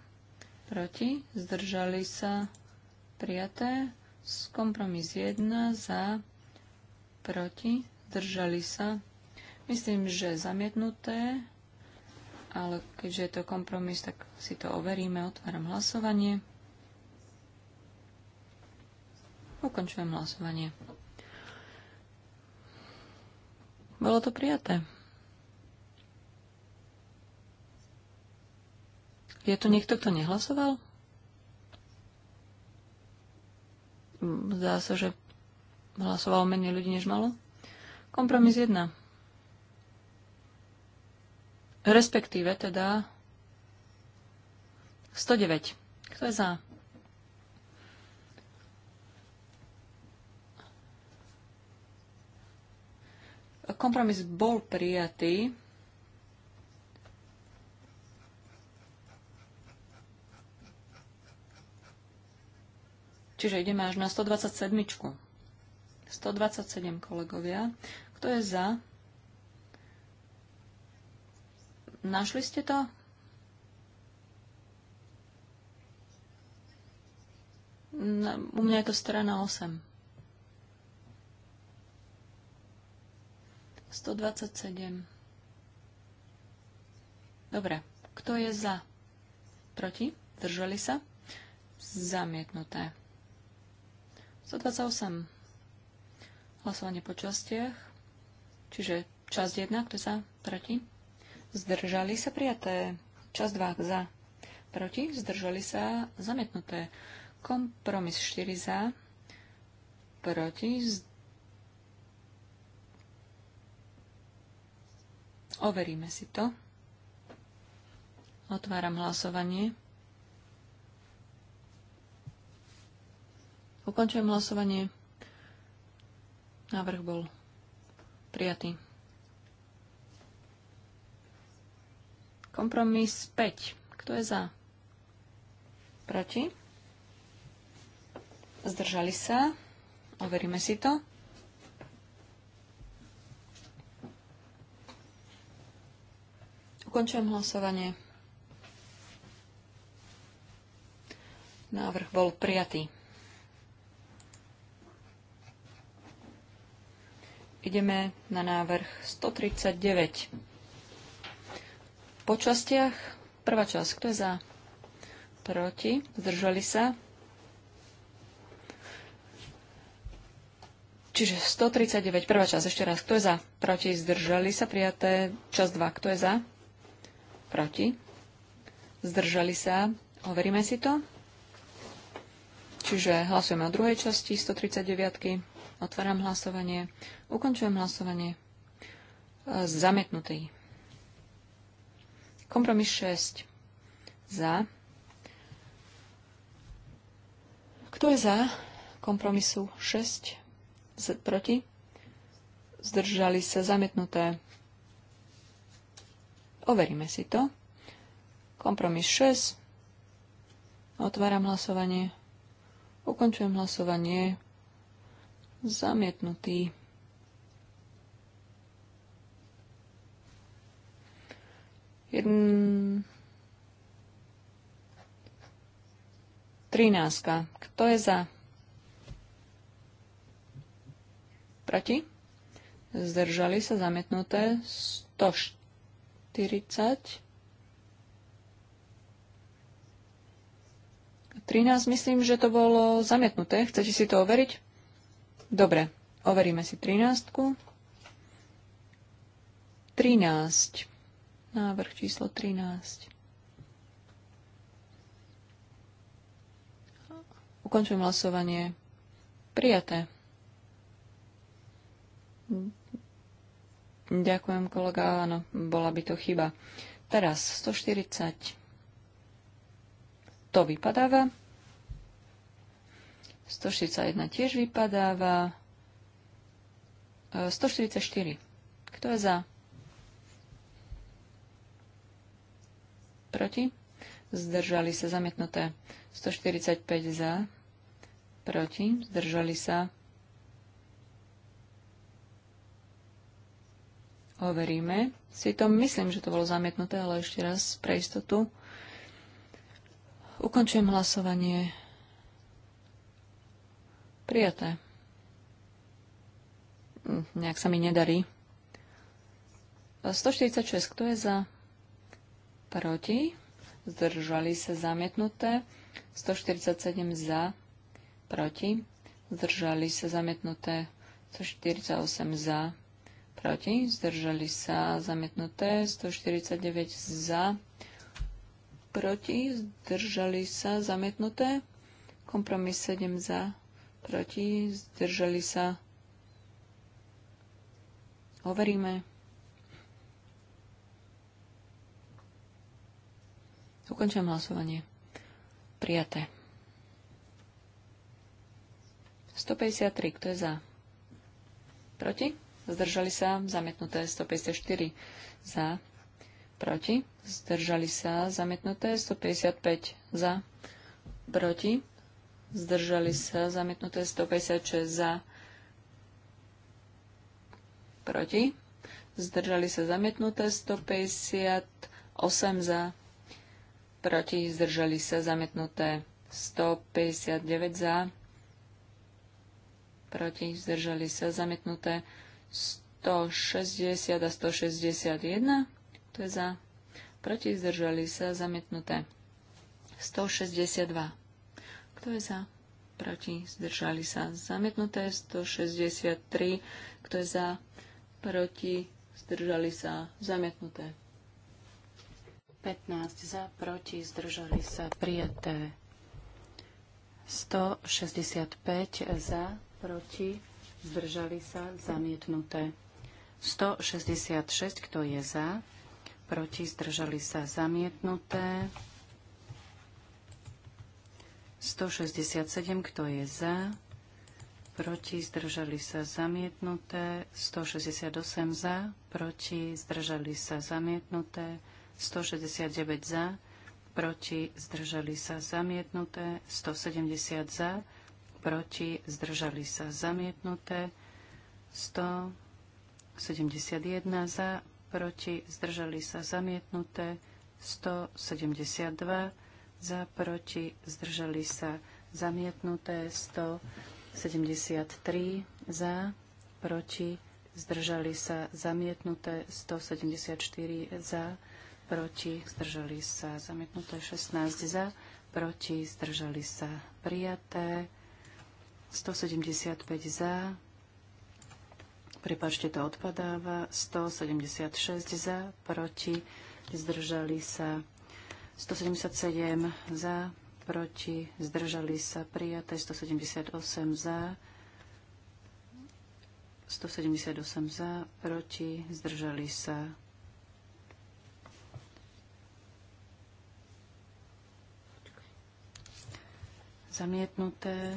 proti, zdržali sa prijaté kompromis 1 za, proti, zdržali sa. Myslím, že zamietnuté ale keďže je to kompromis, tak si to overíme. Otváram hlasovanie. Ukončujem hlasovanie. Bolo to prijaté. Je tu niekto, kto nehlasoval? Zdá sa, že hlasovalo menej ľudí, než malo. Kompromis 1. Respektíve teda 109. Kto je za? Kompromis bol prijatý. Čiže ideme až na 127. 127 kolegovia. Kto je za? Našli ste to? U mňa je to strana 8. 127. Dobre. Kto je za? Proti? Držali sa? Zamietnuté. 128. Hlasovanie po častiach. Čiže časť 1, kto je za? Proti? zdržali sa prijaté. Čas 2 za, proti, zdržali sa zamietnuté. Kompromis 4 za, proti, z... overíme si to. Otváram hlasovanie. Ukončujem hlasovanie. Návrh bol prijatý. Kompromis 5. Kto je za? Proti? Zdržali sa? Overíme si to. Ukončujem hlasovanie. Návrh bol prijatý. Ideme na návrh 139. Po častiach, prvá časť, kto je za? Proti, zdržali sa. Čiže 139, prvá časť, ešte raz, kto je za? Proti, zdržali sa, prijaté, časť 2, kto je za? Proti, zdržali sa, overíme si to. Čiže hlasujeme o druhej časti 139. Otváram hlasovanie. Ukončujem hlasovanie. E, Zametnutý. Kompromis 6. Za. Kto je za kompromisu 6? Z, proti? Zdržali sa zamietnuté. Overíme si to. Kompromis 6. Otváram hlasovanie. Ukončujem hlasovanie. Zamietnutý. Jedn... 13. Kto je za? Proti? Zdržali sa zamietnuté 140. 13, myslím, že to bolo zamietnuté. Chcete si to overiť? Dobre, overíme si 13. 13. Návrh číslo 13. Ukončujem hlasovanie. Prijaté. Ďakujem, kolega. Áno, bola by to chyba. Teraz 140. To vypadáva. 141 tiež vypadáva. 144. Kto je za? proti, zdržali sa zamietnuté 145 za, proti, zdržali sa. Overíme. Si to myslím, že to bolo zamietnuté, ale ešte raz pre istotu. Ukončujem hlasovanie. Prijaté. Hm, nejak sa mi nedarí. 146, kto je za? proti, zdržali sa zamietnuté, 147 za, proti, zdržali sa zamietnuté, 148 za, proti, zdržali sa zamietnuté, 149 za, proti, zdržali sa zamietnuté, kompromis 7 za, proti, zdržali sa. Overíme. Ukončujem hlasovanie. Prijaté. 153. Kto je za? Proti? Zdržali sa. zametnuté 154. Za. Proti? Zdržali sa. zametnuté. 155. Za. Proti? Zdržali sa. Zamietnuté 156. Za. Proti? Zdržali sa. zametnuté 158. Za proti, zdržali sa zamietnuté 159 za, proti, zdržali sa zamietnuté 160 a 161, to je za, proti, zdržali sa zamietnuté 162, kto je za, proti, zdržali sa zamietnuté 163, kto je za, proti, zdržali sa zamietnuté 15 za, proti, zdržali sa, prijaté. 165 za, proti, zdržali sa, zamietnuté. 166, kto je za, proti, zdržali sa, zamietnuté. 167, kto je za, proti, zdržali sa, zamietnuté. 168 za, proti, zdržali sa, zamietnuté. 169 za, proti zdržali sa zamietnuté, 170 za, proti zdržali sa zamietnuté, 171 za, proti zdržali sa zamietnuté, 172 za, proti zdržali sa zamietnuté, 173 za, proti zdržali sa zamietnuté, 174 za, proti, zdržali sa zamietnuté, 16 za, proti, zdržali sa prijaté, 175 za, prepačte, to odpadáva, 176 za, proti, zdržali sa 177 za, proti, zdržali sa prijaté, 178 za, 178 za, proti, zdržali sa Zamietnuté.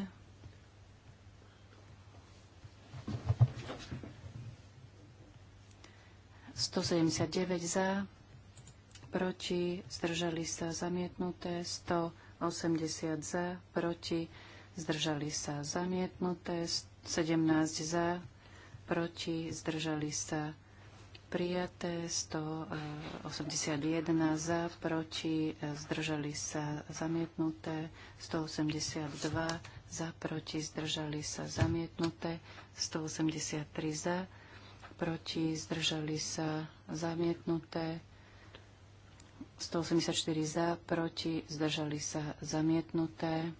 Sto sedemdesiat devať za, proti, zdržali sa zamietnuté, sto osemdesiat za, proti, zdržali sa zamietnuté, sedemnásť za, proti, zdržali sa prijaté 181 e, e, za, proti, zdržali sa zamietnuté 182 za, proti, zdržali sa zamietnuté 183 za, proti, zdržali sa zamietnuté 184 za, proti, zdržali sa zamietnuté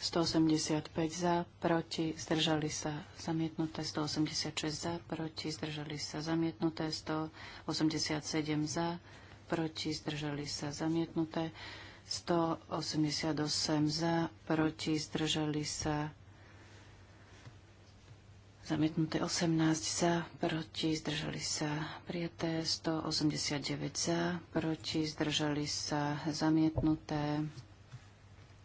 185 za, proti, zdržali sa zamietnuté, 186 za, proti, zdržali sa zamietnuté, 187 za, proti, zdržali sa zamietnuté, 188 za, proti, zdržali sa zamietnuté 18 za, proti, zdržali sa prijaté, 189 za, proti, zdržali sa zamietnuté,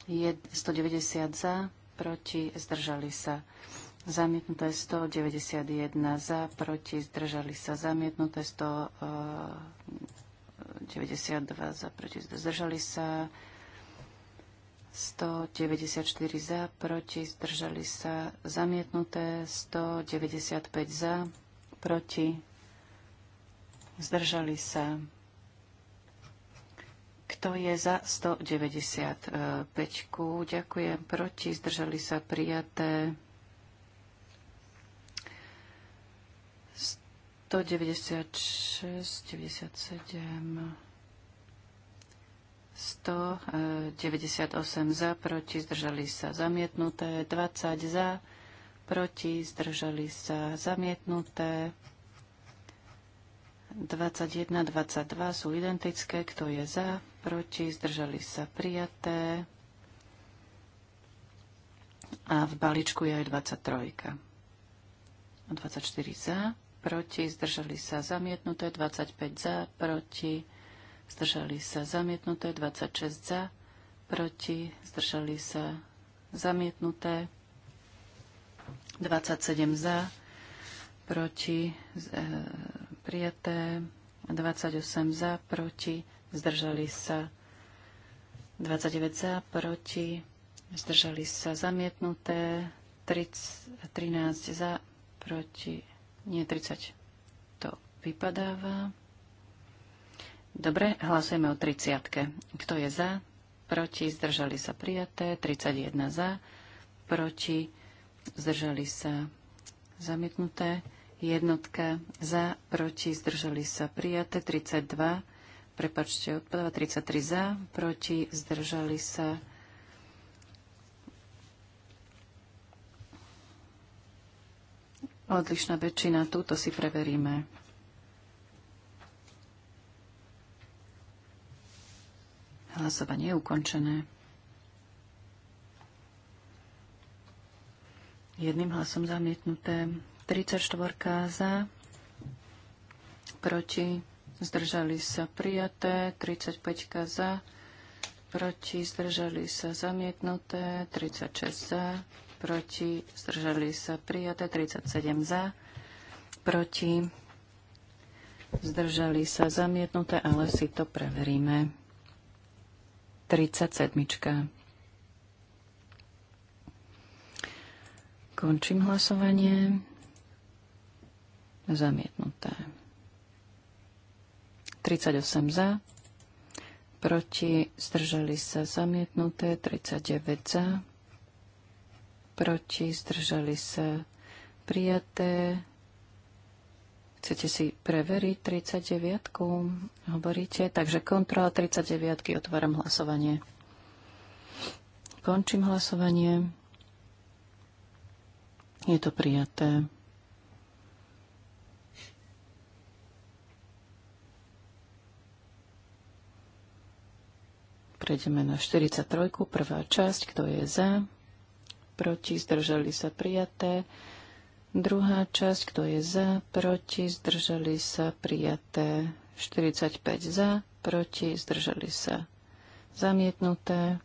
190 za, proti, zdržali sa. Zamietnuté 191 za, proti, zdržali sa. Zamietnuté 192 eh, za, proti, zdržali sa. 194 za, proti, zdržali sa. Zamietnuté 195 za, proti, zdržali sa. Kto je za 195? Ďakujem. Proti? Zdržali sa prijaté. 196, 97, 198 za, proti, zdržali sa zamietnuté, 20 za, proti, zdržali sa zamietnuté, 21, 22 sú identické, kto je za, proti, zdržali sa prijaté. A v balíčku je aj 23. 24 za, proti, zdržali sa zamietnuté, 25 za, proti, zdržali sa zamietnuté, 26 za, proti, zdržali sa zamietnuté, 27 za, proti, e, prijaté, 28 za, proti, zdržali sa 29 za, proti, zdržali sa zamietnuté, 30, 13 za, proti, nie 30, to vypadáva. Dobre, hlasujeme o 30. Kto je za? Proti, zdržali sa prijaté, 31 za, proti, zdržali sa zamietnuté, jednotka za, proti, zdržali sa prijaté, 32 prepačte, odpadáva 33 za, proti, zdržali sa. Odlišná väčšina, túto si preveríme. Hlasovanie je ukončené. Jedným hlasom zamietnuté. 34 za, proti, zdržali sa prijaté, 35 za, proti, zdržali sa zamietnuté, 36 za, proti, zdržali sa prijaté, 37 za, proti, zdržali sa zamietnuté, ale si to preveríme. 37. Končím hlasovanie. Zamietnuté. 38 za, proti, zdržali sa zamietnuté, 39 za, proti, zdržali sa prijaté. Chcete si preveriť 39, hovoríte? Takže kontrola 39, otváram hlasovanie. Končím hlasovanie. Je to prijaté. Prejdeme na 43. Prvá časť. Kto je za? Proti? Zdržali sa prijaté. Druhá časť. Kto je za? Proti? Zdržali sa prijaté. 45 za. Proti? Zdržali sa zamietnuté.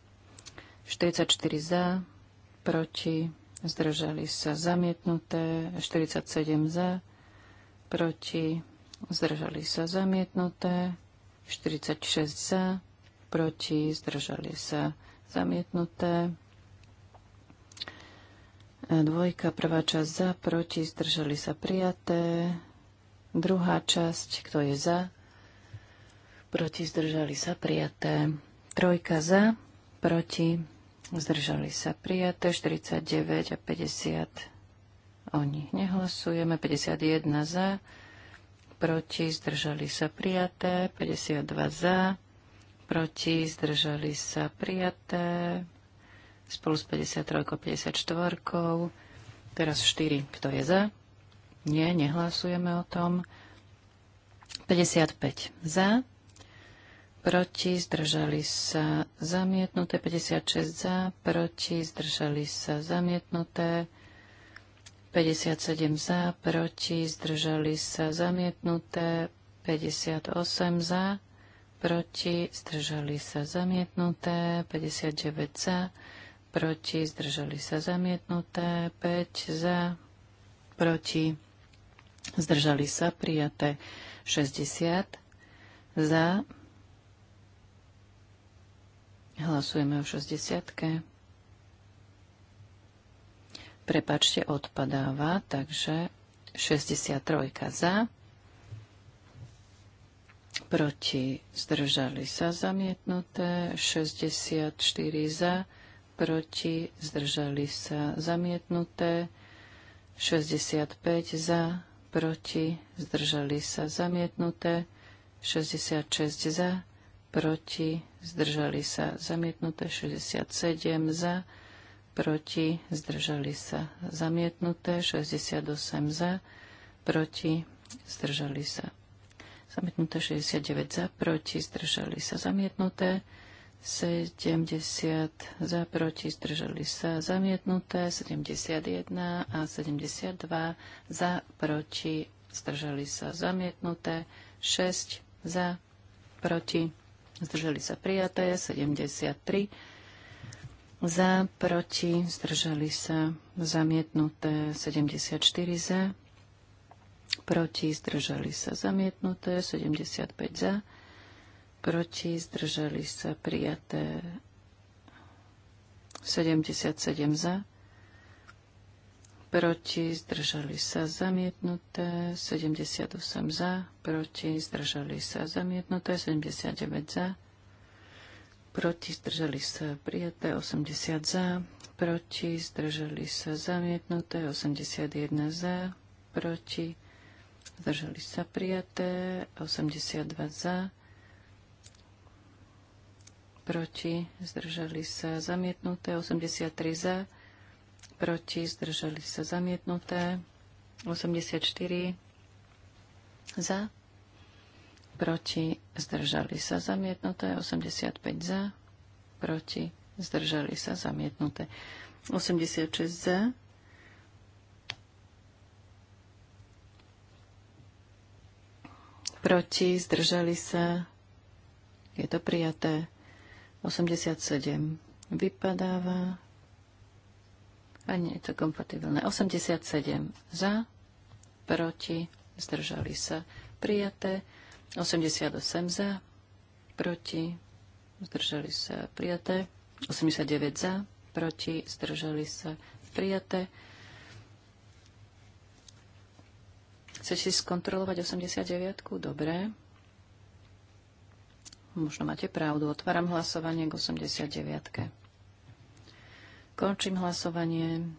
44 za. Proti? Zdržali sa zamietnuté. 47 za. Proti? Zdržali sa zamietnuté. 46 za proti, zdržali sa zamietnuté. E, dvojka, prvá časť za, proti, zdržali sa prijaté. Druhá časť, kto je za, proti, zdržali sa prijaté. Trojka za, proti, zdržali sa prijaté. 49 a 50 o nich nehlasujeme. 51 za, proti, zdržali sa prijaté. 52 za, proti, zdržali sa prijaté, spolu s 53, 54, teraz 4, kto je za? Nie, nehlasujeme o tom. 55 za, proti, zdržali sa zamietnuté, 56 za, proti, zdržali sa zamietnuté, 57 za, proti, zdržali sa zamietnuté, 58 za, proti, zdržali sa zamietnuté, 59 za, proti, zdržali sa zamietnuté, 5 za, proti, zdržali sa prijaté, 60 za, hlasujeme o 60. Prepačte, odpadáva, takže 63 za, proti, zdržali sa zamietnuté, 64 za, proti, zdržali sa zamietnuté, 65 za, proti, zdržali sa zamietnuté, 66 za, proti, zdržali sa zamietnuté, 67 za, proti, zdržali sa zamietnuté, 68 za, proti, zdržali sa Zamietnuté 69 za, proti, zdržali sa. Zamietnuté 70 za, proti, zdržali sa. Zamietnuté 71 a 72 za, proti, zdržali sa. Zamietnuté 6 za, proti, zdržali sa. Prijaté 73 za, proti, zdržali sa. Zamietnuté 74 za, proti, zdržali sa zamietnuté, 75 za, proti, zdržali sa prijaté, 77 za, proti, zdržali sa zamietnuté, 78 za, proti, zdržali sa zamietnuté, 79 za, proti, zdržali sa prijaté, 80 za, proti, zdržali sa zamietnuté, 81 za, proti, Zdržali sa prijaté. 82 za. Proti. Zdržali sa zamietnuté. 83 za. Proti. Zdržali sa zamietnuté. 84 za. Proti. Zdržali sa zamietnuté. 85 za. Proti. Zdržali sa zamietnuté. 86 za proti, zdržali sa, je to prijaté. 87 vypadáva a nie je to kompatibilné. 87 za, proti, zdržali sa, prijaté. 88 za, proti, zdržali sa, prijaté. 89 za, proti, zdržali sa, prijaté. Chcete si skontrolovať 89? Dobre. Možno máte pravdu. Otváram hlasovanie k 89. Končím hlasovanie.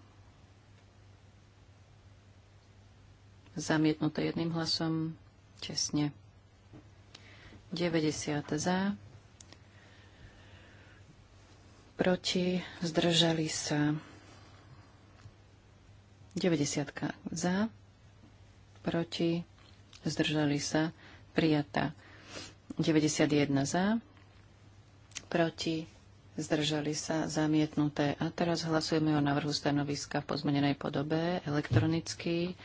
Zamietnuté jedným hlasom. Tesne. 90 za. Proti. Zdržali sa. 90 za proti, zdržali sa, prijatá. 91 za, proti, zdržali sa, zamietnuté. A teraz hlasujeme o návrhu stanoviska v pozmenenej podobe elektronicky.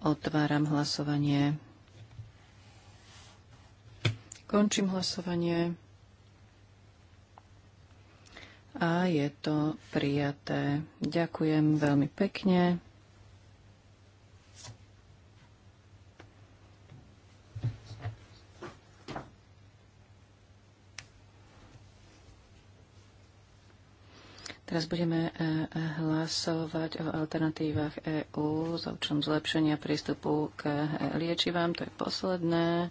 Otváram hlasovanie. Končím hlasovanie. A je to prijaté. Ďakujem veľmi pekne. Teraz budeme e, hlasovať o alternatívach EÚ za účelom zlepšenia prístupu k e, liečivám. To je posledné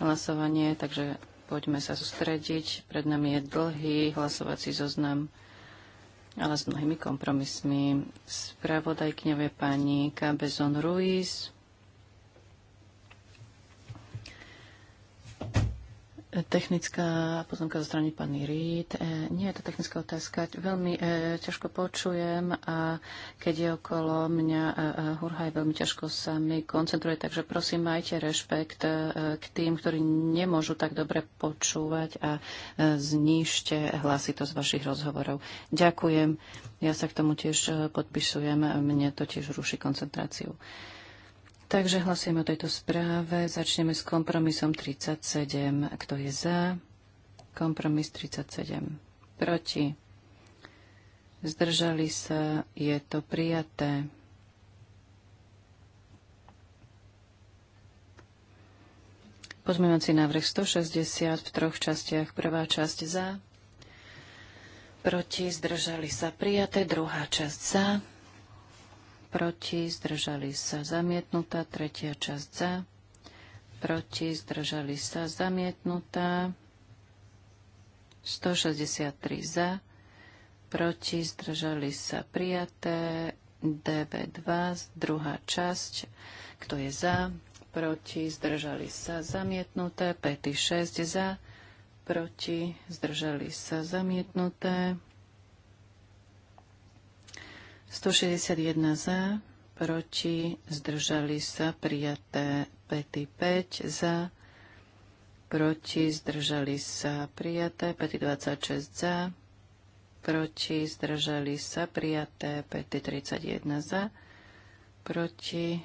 hlasovanie, takže poďme sa sústrediť. Pred nami je dlhý hlasovací zoznam, ale s mnohými kompromismi. Spravodajkňové pani Cabezon Ruiz. Technická poznámka zo strany pani Reid. E, nie je to technická otázka. Veľmi e, ťažko počujem a keď je okolo mňa e, hurhaj, veľmi ťažko sa mi koncentruje. Takže prosím, majte rešpekt k tým, ktorí nemôžu tak dobre počúvať a znižte hlasy to z vašich rozhovorov. Ďakujem. Ja sa k tomu tiež podpisujem. Mne to tiež ruší koncentráciu. Takže hlasujeme o tejto správe. Začneme s kompromisom 37. Kto je za? Kompromis 37. Proti? Zdržali sa? Je to prijaté. Pozmeňovací návrh 160 v troch častiach. Prvá časť za, proti, zdržali sa prijaté, druhá časť za, proti, zdržali sa zamietnutá, tretia časť za, proti, zdržali sa zamietnutá, 163 za, proti, zdržali sa prijaté, DB2, druhá časť, kto je za, proti, zdržali sa zamietnuté, 5, 6 za, proti, zdržali sa zamietnuté, 161 za, proti, zdržali sa, prijaté 5 5 za, proti, zdržali sa, prijaté 5 26 za, proti, zdržali sa, prijaté 5 31 za, proti,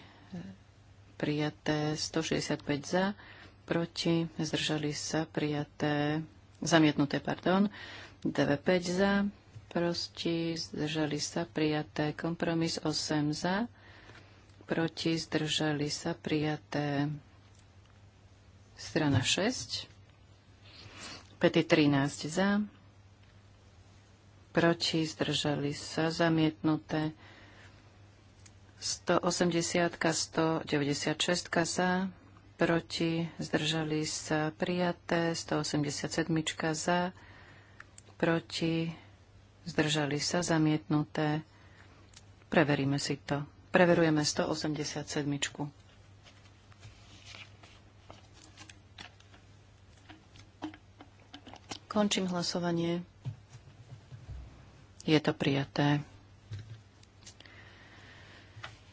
prijaté 165 za, proti, zdržali sa, prijaté, zamietnuté, pardon, 95 za, proti, zdržali sa prijaté. Kompromis 8 za, proti, zdržali sa prijaté. Strana 6. Pety 13 za, proti, zdržali sa zamietnuté. 180, 196 za, proti, zdržali sa prijaté, 187 za, proti, zdržali sa, zamietnuté. Preveríme si to. Preverujeme 187. Končím hlasovanie. Je to prijaté.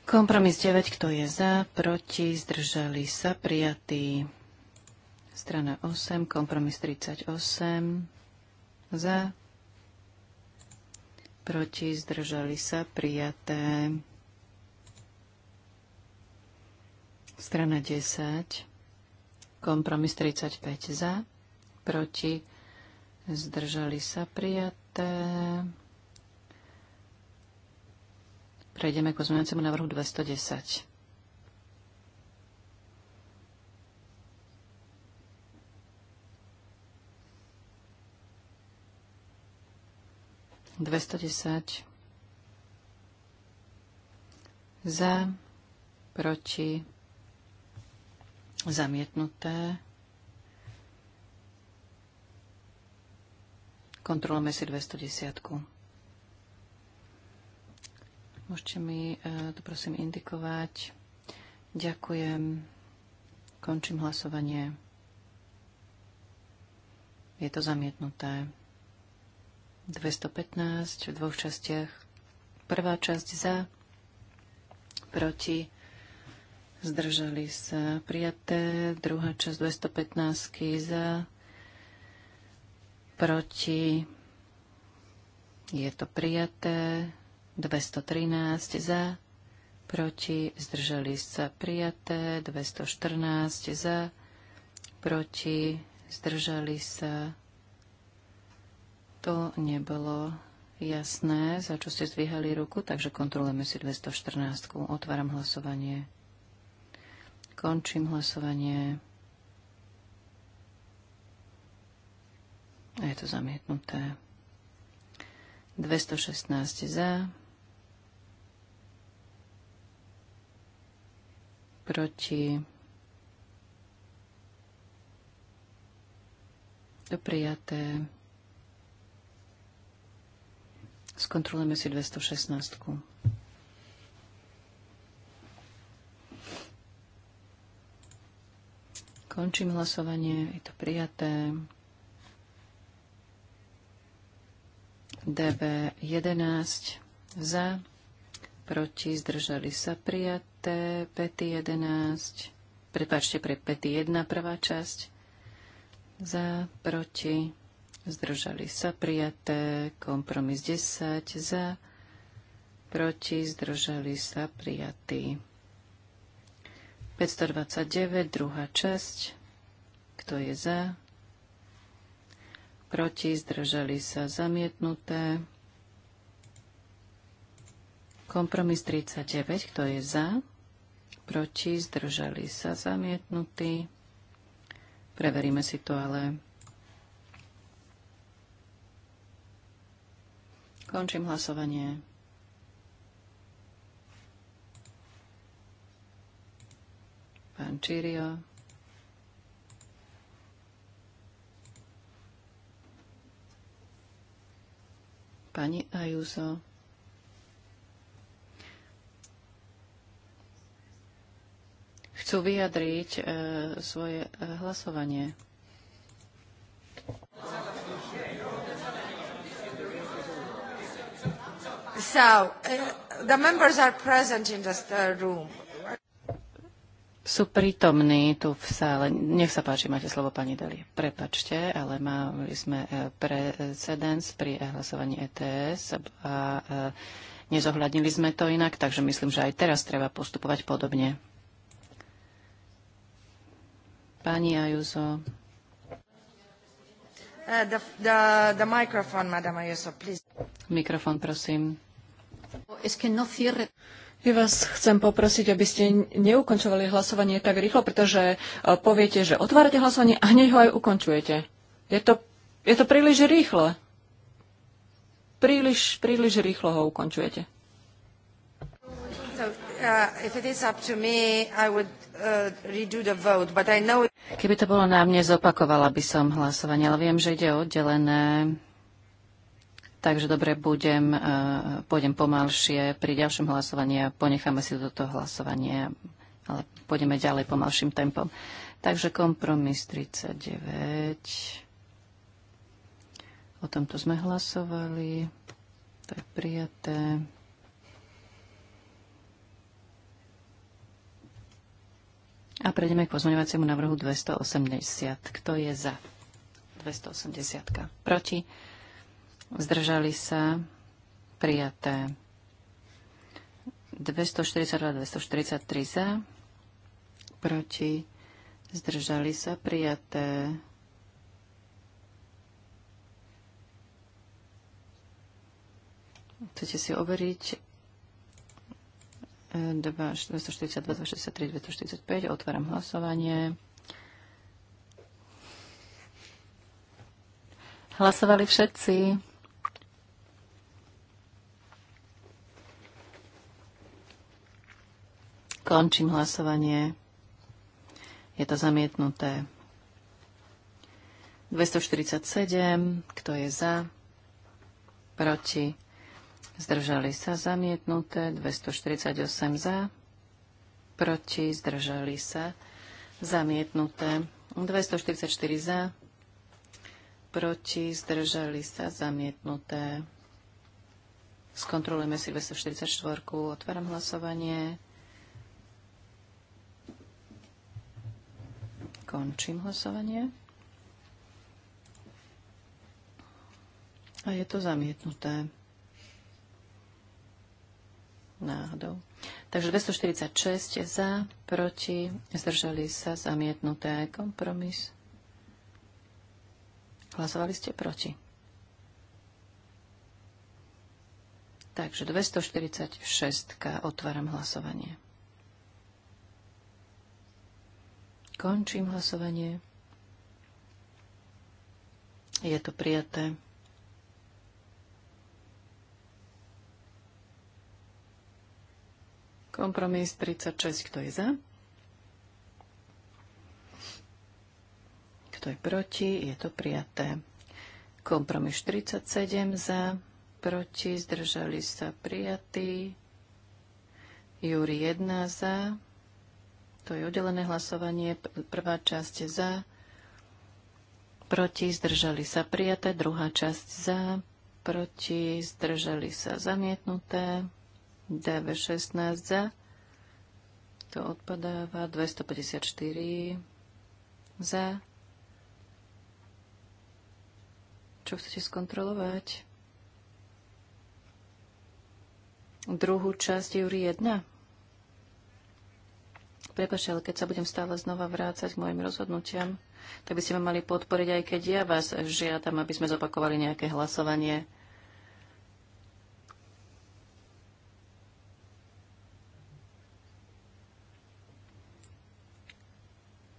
Kompromis 9, kto je za, proti, zdržali sa, prijatý. Strana 8, kompromis 38, za, proti, zdržali sa, prijaté. Strana 10, kompromis 35 za, proti, zdržali sa, prijaté. Prejdeme k pozmeňujúcemu návrhu 210. 210 za, proti, zamietnuté. Kontrolujeme si 210. Môžete mi e, to prosím indikovať. Ďakujem. Končím hlasovanie. Je to zamietnuté. 215 v dvoch častiach. Prvá časť za, proti, zdržali sa prijaté. Druhá časť 215 za, proti, je to prijaté. 213 za, proti, zdržali sa prijaté. 214 za, proti, zdržali sa prijaté to nebolo jasné, za čo ste zdvíhali ruku, takže kontrolujeme si 214. Otváram hlasovanie. Končím hlasovanie. A je to zamietnuté. 216 za. Proti. To prijaté. Skontrolujeme si 216. Končím hlasovanie, je to prijaté. DB 11 za, proti, zdržali sa prijaté, PT 11, prepáčte, pre PT 1 prvá časť, za, proti, zdržali sa prijaté, kompromis 10 za, proti, zdržali sa prijatí. 529, druhá časť, kto je za, proti, zdržali sa zamietnuté. Kompromis 39, kto je za, proti, zdržali sa zamietnutí. Preveríme si to ale Končím hlasovanie. Pán Čírio. Pani Ajuso. Chcú vyjadriť e, svoje e, hlasovanie. So, uh, the members are present in this uh, room. Sú prítomní tu v sále. Nech sa páči, máte slovo, pani Deli. Prepačte, ale mali sme e, precedens pri e, hlasovaní ETS a e, nezohľadnili sme to inak, takže myslím, že aj teraz treba postupovať podobne. Pani Ajuzo. Uh, the, the, the microphone, madam Ajuso, please. Mikrofón, prosím. No ja vás chcem poprosiť, aby ste neukončovali hlasovanie tak rýchlo, pretože e, poviete, že otvárate hlasovanie a hneď ho aj ukončujete. Je to, je to príliš rýchle. Príliš, príliš rýchlo ho ukončujete. Uh, uh, Keby to bolo na mne, zopakovala by som hlasovanie, ale viem, že ide o oddelené Takže dobre, budem, e, pôjdem pomalšie. Pri ďalšom hlasovaní a ponecháme si toto hlasovanie, ale pôjdeme ďalej pomalším tempom. Takže kompromis 39. O tomto sme hlasovali. To je prijaté. A prejdeme k pozmeňovaciemu návrhu 280. Kto je za? 280. Proti? Zdržali sa? Prijaté. 242, 243 za. Proti? Zdržali sa? Prijaté. Chcete si overiť 242, 243, 245. Otváram hlasovanie. Hlasovali všetci. Končím hlasovanie. Je to zamietnuté. 247, kto je za, proti, zdržali sa zamietnuté, 248 za, proti, zdržali sa zamietnuté, 244 za, proti, zdržali sa zamietnuté. Skontrolujeme si 244, otváram hlasovanie. Končím hlasovanie. A je to zamietnuté. Náhodou. Takže 246 za, proti, zdržali sa, zamietnuté kompromis. Hlasovali ste proti. Takže 246 otváram hlasovanie. Končím hlasovanie. Je to prijaté. Kompromis 36, kto je za? Kto je proti? Je to prijaté. Kompromis 47 za, proti, zdržali sa prijatí. Júri 1 za, to je oddelené hlasovanie. Prvá časť za, proti, zdržali sa prijaté. Druhá časť za, proti, zdržali sa zamietnuté. DV16 za, to odpadáva. 254 za. Čo chcete skontrolovať? Druhú časť Júri 1. Prepašte, ale keď sa budem stále znova vrácať k mojim rozhodnutiam, tak by ste ma mali podporiť, aj keď ja vás žiadam, aby sme zopakovali nejaké hlasovanie.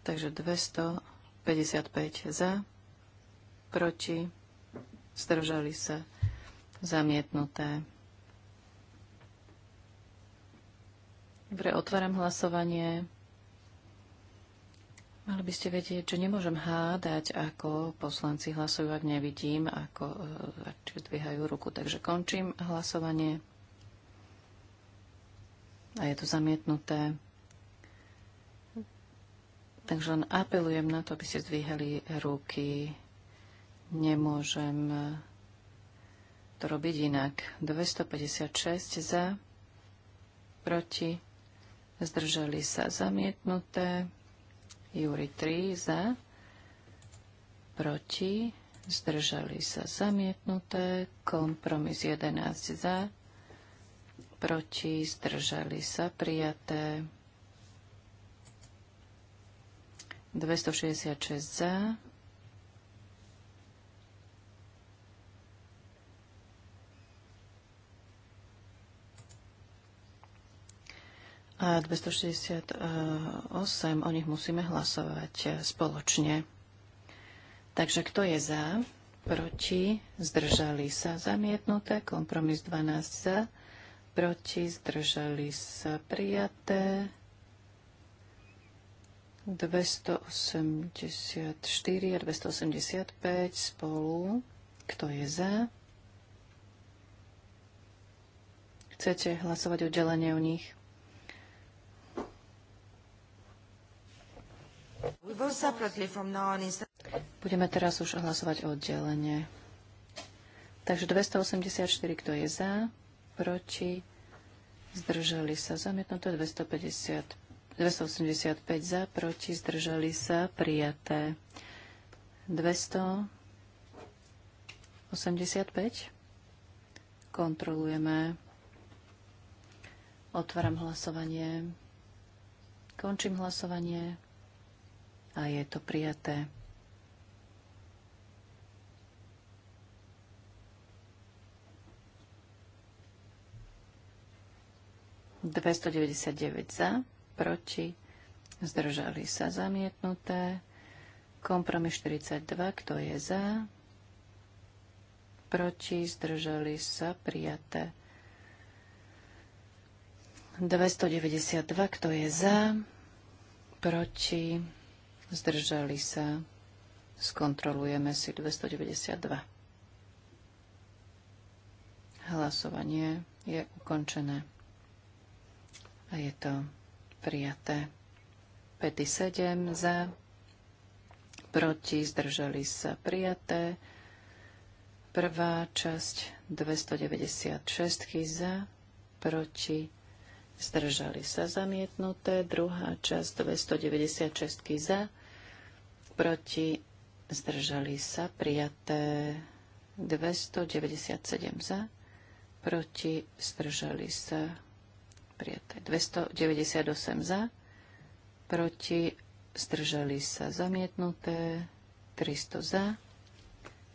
Takže 255 za, proti, zdržali sa, zamietnuté. Dobre, otváram hlasovanie. Mali by ste vedieť, že nemôžem hádať, ako poslanci hlasujú, ak nevidím, ako, či e, zdvíhajú ruku. Takže končím hlasovanie. A je to zamietnuté. Takže len apelujem na to, aby ste zdvíhali ruky. Nemôžem e, to robiť inak. 256 za, proti, zdržali sa zamietnuté, Júri 3 za, proti, zdržali sa zamietnuté, kompromis 11 za, proti, zdržali sa prijaté, 266 za, a 268, o nich musíme hlasovať spoločne. Takže kto je za, proti, zdržali sa, zamietnuté, kompromis 12 za, proti, zdržali sa, prijaté, 284 a 285 spolu, kto je za, Chcete hlasovať oddelenie o nich? Budeme teraz už hlasovať oddelenie. Takže 284, kto je za, proti, zdržali sa zamietnuté, 250, 285 za, proti, zdržali sa, prijaté. 285. Kontrolujeme. Otváram hlasovanie. Končím hlasovanie a je to prijaté. Dvesto za, proti, zdržali sa zamietnuté. Kompromis 42, kto je za, proti, zdržali sa prijaté. 292, kto je za, proti, zdržali sa, skontrolujeme si 292. Hlasovanie je ukončené a je to prijaté. 57 za, proti, zdržali sa prijaté. Prvá časť 296 za, proti, zdržali sa zamietnuté, druhá časť 296 za, proti zdržali sa prijaté 297 za, proti zdržali sa prijaté 298 za, proti zdržali sa zamietnuté 300 za,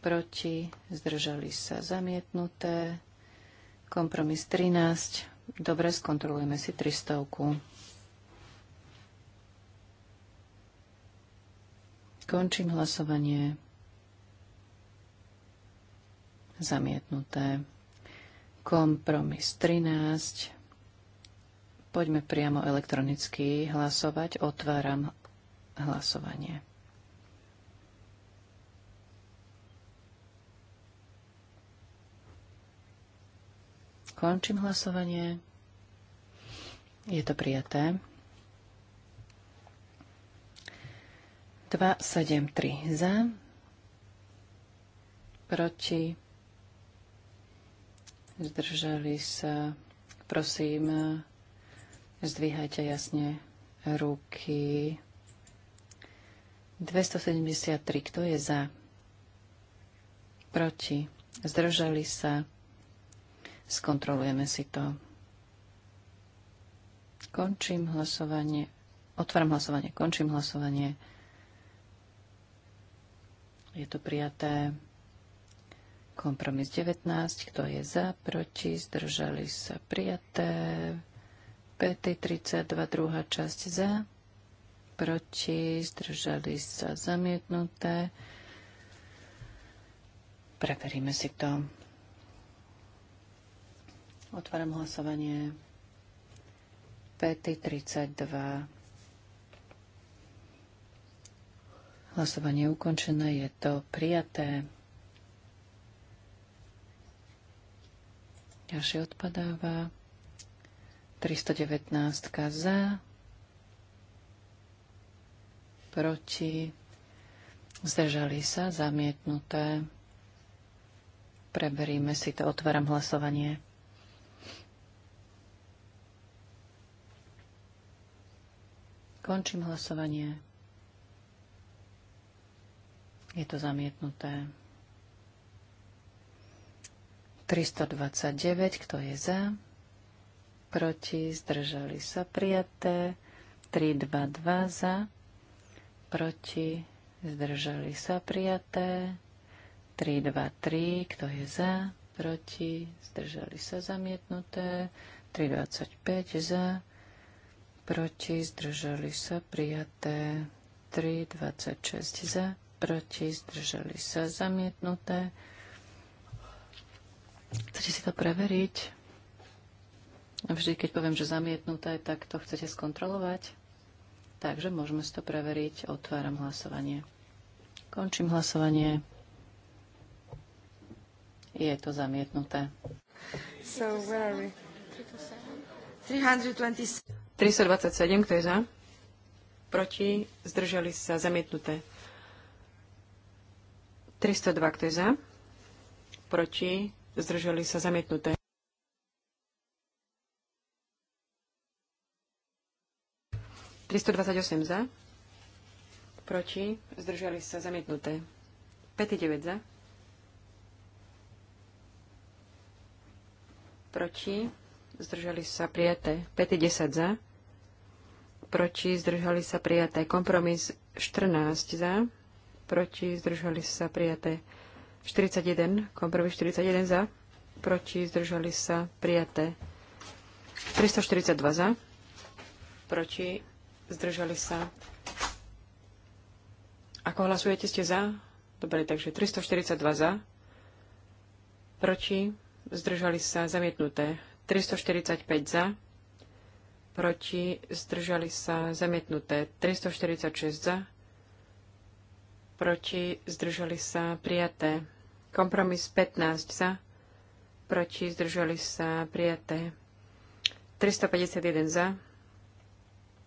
proti zdržali sa zamietnuté kompromis 13 Dobre, skontrolujeme si 300. Končím hlasovanie. Zamietnuté. Kompromis 13. Poďme priamo elektronicky hlasovať. Otváram hlasovanie. Končím hlasovanie. Je to prijaté. 3 za, proti, zdržali sa. Prosím, zdvíhajte jasne ruky. 273, kto je za? Proti, zdržali sa. Skontrolujeme si to. Končím hlasovanie. Otváram hlasovanie. Končím hlasovanie. Je to prijaté. Kompromis 19. Kto je za, proti, zdržali sa prijaté. 32 Druhá časť za, proti, zdržali sa zamietnuté. Preveríme si to. Otváram hlasovanie. PT32. Hlasovanie ukončené, je to prijaté. Ďalšie odpadáva. 319 za, proti, zdržali sa, zamietnuté. Preberíme si to, otváram hlasovanie. Končím hlasovanie. Je to zamietnuté. 329, kto je za? Proti, zdržali sa prijaté. 322 za, proti, zdržali sa prijaté. 323, kto je za? Proti, zdržali sa zamietnuté. 325 za, proti, zdržali sa, prijaté 3, 26 za, proti, zdržali sa, zamietnuté. Chcete si to preveriť? Vždy, keď poviem, že zamietnuté, tak to chcete skontrolovať? Takže môžeme si to preveriť. Otváram hlasovanie. Končím hlasovanie. Je to zamietnuté. So where are we? 327. 327, kto je za? Proti? Zdržali sa zamietnuté. 302, kto je za? Proti? Zdržali sa zamietnuté. 328 za. Proti? Zdržali sa zamietnuté. 59 za. Proti? Zdržali sa prijaté. 510 za proti, zdržali sa prijaté. Kompromis 14 za, proti, zdržali sa prijaté. 41, kompromis 41 za, proti, zdržali sa prijaté. 342 za, proti, zdržali sa. Ako hlasujete, ste za? Dobre, takže 342 za, proti, zdržali sa, zamietnuté. 345 za, proti, zdržali sa zamietnuté 346 za, proti, zdržali sa prijaté. Kompromis 15 za, proti, zdržali sa prijaté. 351 za,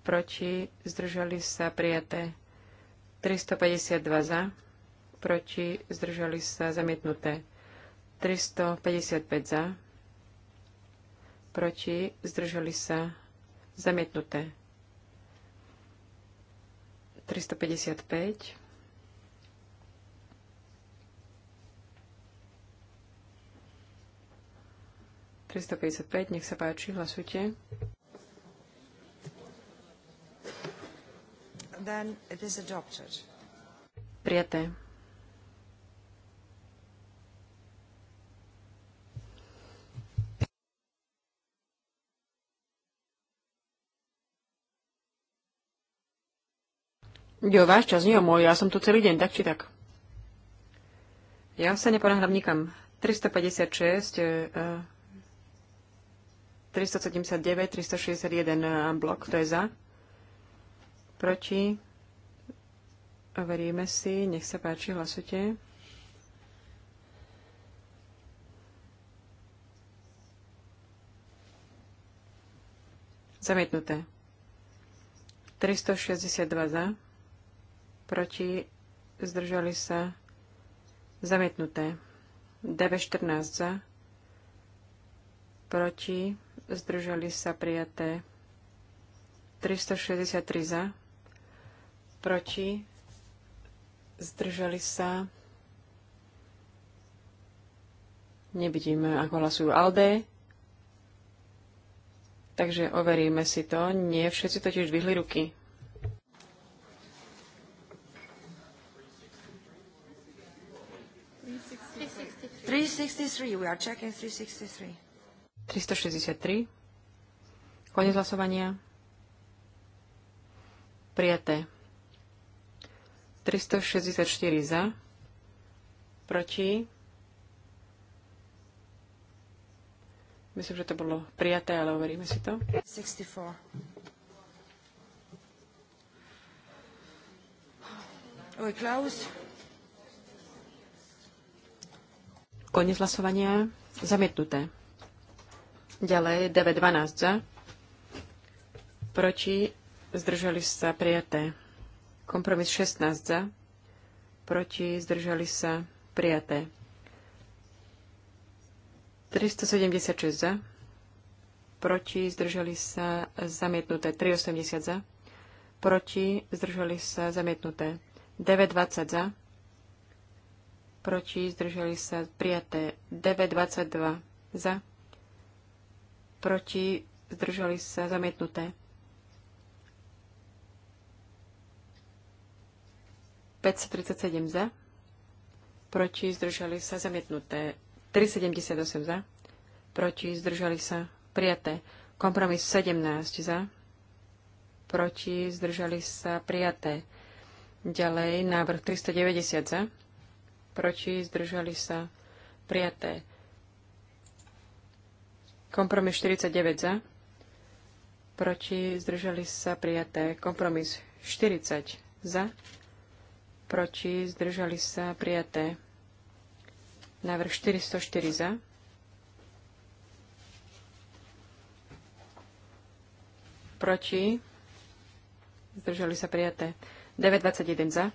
proti, zdržali sa prijaté. 352 za, proti, zdržali sa zamietnuté. 355 za, proti, zdržali sa Zamietnuté. 355. 355, nech sa páči, hlasujte. Then it is adopted. Prijaté. Jo, váš čas, nie môj. Ja som tu celý deň, tak či tak. Ja sa neponáhľam nikam. 356, 379, 361 blok, to je za. Proti. Overíme si, nech sa páči, hlasujte. Zamietnuté. 362 za proti, zdržali sa, zamietnuté. DV14 za, proti, zdržali sa, prijaté. 363 za, proti, zdržali sa, Nevidíme, ako hlasujú Alde. Takže overíme si to. Nie všetci totiž dvihli ruky. 363, we are checking 363. 363. Konec hlasovania. Prijaté. 364 za. Proti. Myslím, že to bolo prijaté, ale overíme si to. 64. We close. Koniec hlasovania. Zamietnuté. Ďalej 9.12 za. Proti zdržali sa prijaté. Kompromis 16 za. Proti zdržali sa prijaté. 376 za. Proti zdržali sa zamietnuté. 380 za. Proti zdržali sa zamietnuté. 920 za proti, zdržali sa prijaté 922 za, proti, zdržali sa zamietnuté. 537 za, proti, zdržali sa zamietnuté 378 za, proti, zdržali sa prijaté. Kompromis 17 za, proti, zdržali sa prijaté. Ďalej návrh 390 za proti, zdržali sa, prijaté. Kompromis 49 za, proti, zdržali sa, prijaté. Kompromis 40 za, proti, zdržali sa, prijaté. Návrh 404 za. Proti. Zdržali sa prijaté. 921 za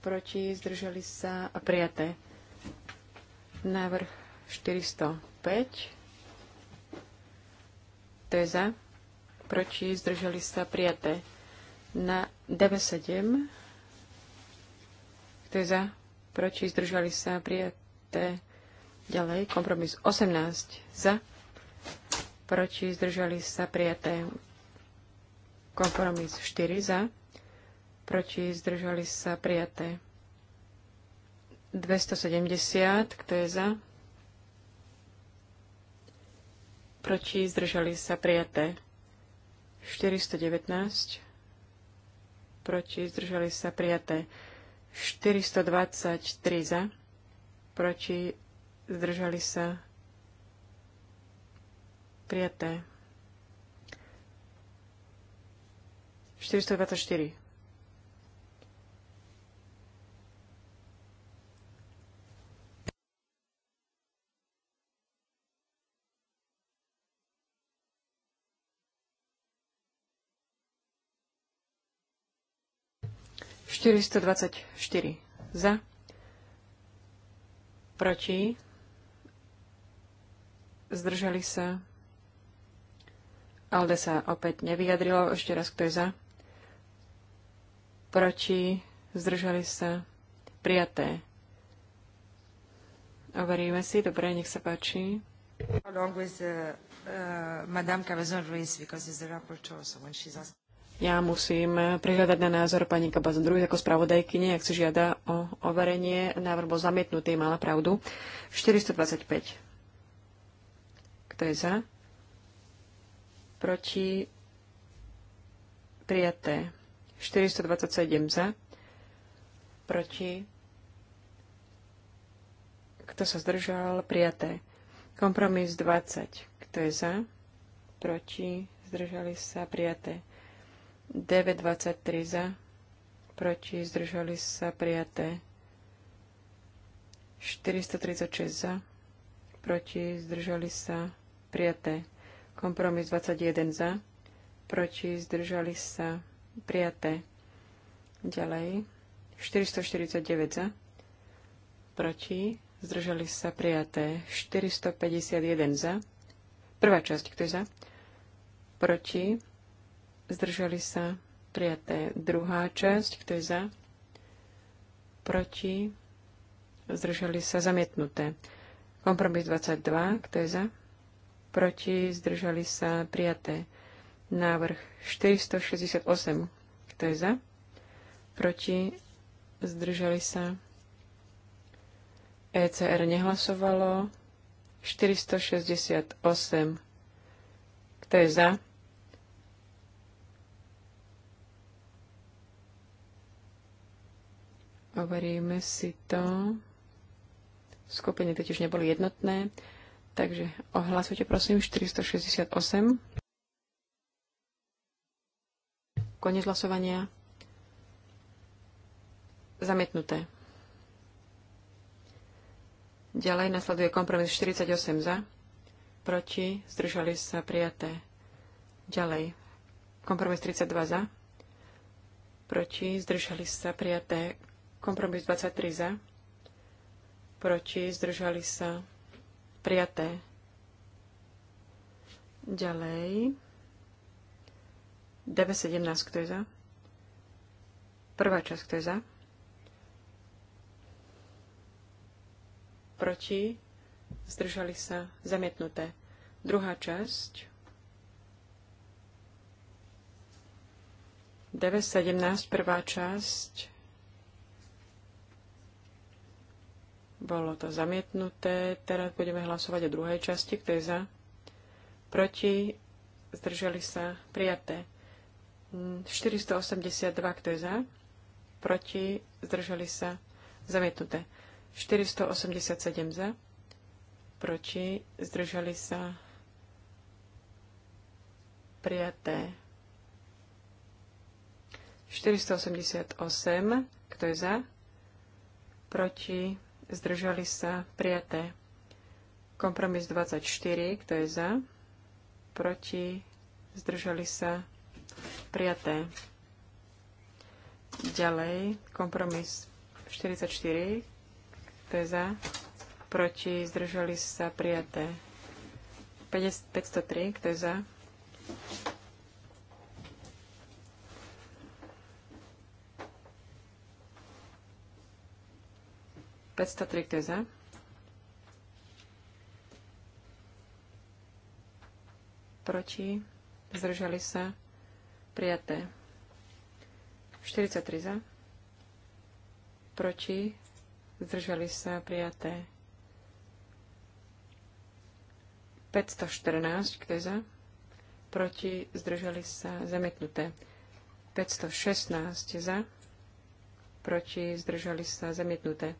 proti, zdržali sa a prijaté. Návrh 405. To je za, proti, zdržali sa prijaté. Na 97. To je za, proti, zdržali sa prijaté. Ďalej, kompromis 18 za, proti, zdržali sa prijaté. Kompromis 4 za proti, zdržali sa prijaté. 270, kto je za? Proti, zdržali sa prijaté. 419, proti, zdržali sa prijaté. 423 za, proti, zdržali sa prijaté. 424. 424 za, proti, zdržali sa. Alde sa opäť nevyjadrilo. Ešte raz, kto je za? Proti, zdržali sa. Prijaté. Overíme si. Dobre, nech sa páči. Along with uh, uh, Madame cavazon Ruiz, because is the rapporteur, so when she's asked... Ja musím prihľadať na názor pani Kabazon druhý ako spravodajkyne, ak si žiada o overenie. Návrh bol zamietnutý, mala pravdu. 425. Kto je za? Proti? Prijaté. 427 za. Proti? Kto sa zdržal? Prijaté. Kompromis 20. Kto je za? Proti? Zdržali sa? Prijaté. 9,23 za, proti zdržali sa prijaté 436 za, proti zdržali sa prijaté kompromis 21 za, proti zdržali sa prijaté ďalej 449 za, proti zdržali sa prijaté 451 za, prvá časť, kto je za, proti zdržali sa prijaté. Druhá časť, kto je za, proti, zdržali sa zamietnuté. Kompromis 22, kto je za, proti, zdržali sa prijaté. Návrh 468, kto je za, proti, zdržali sa. ECR nehlasovalo. 468, kto je za, Overíme si to. Skupiny totiž neboli jednotné, takže ohlasujte prosím 468. Konec hlasovania. Zamietnuté. Ďalej nasleduje kompromis 48 za. Proti. Zdržali sa prijaté. Ďalej. Kompromis 32 za. Proti. Zdržali sa prijaté. Kompromis 23 za. Proti zdržali sa prijaté. Ďalej. 9.17, kto je za? Prvá časť, kto je za? Proti zdržali sa zamietnuté. Druhá časť. 9.17, prvá časť Bolo to zamietnuté. Teraz budeme hlasovať o druhej časti, kto je za. Proti. Zdržali sa. Prijaté. 482, mm, kto je za. Proti. Zdržali sa. Zamietnuté. 487 za. Proti. Zdržali sa. Prijaté. 488. Kto je za? Proti? zdržali sa, prijaté. Kompromis 24, kto je za, proti, zdržali sa, prijaté. Ďalej, kompromis 44, kto je za, proti, zdržali sa, prijaté. 503, kto je za, 503, kto je za? Proti? Zdržali sa? Prijaté. 43 za? Proti? Zdržali sa? Prijaté. 514, kto je za? Proti? Zdržali sa? Zamietnuté. 516 za? Proti? Zdržali sa? Zamietnuté.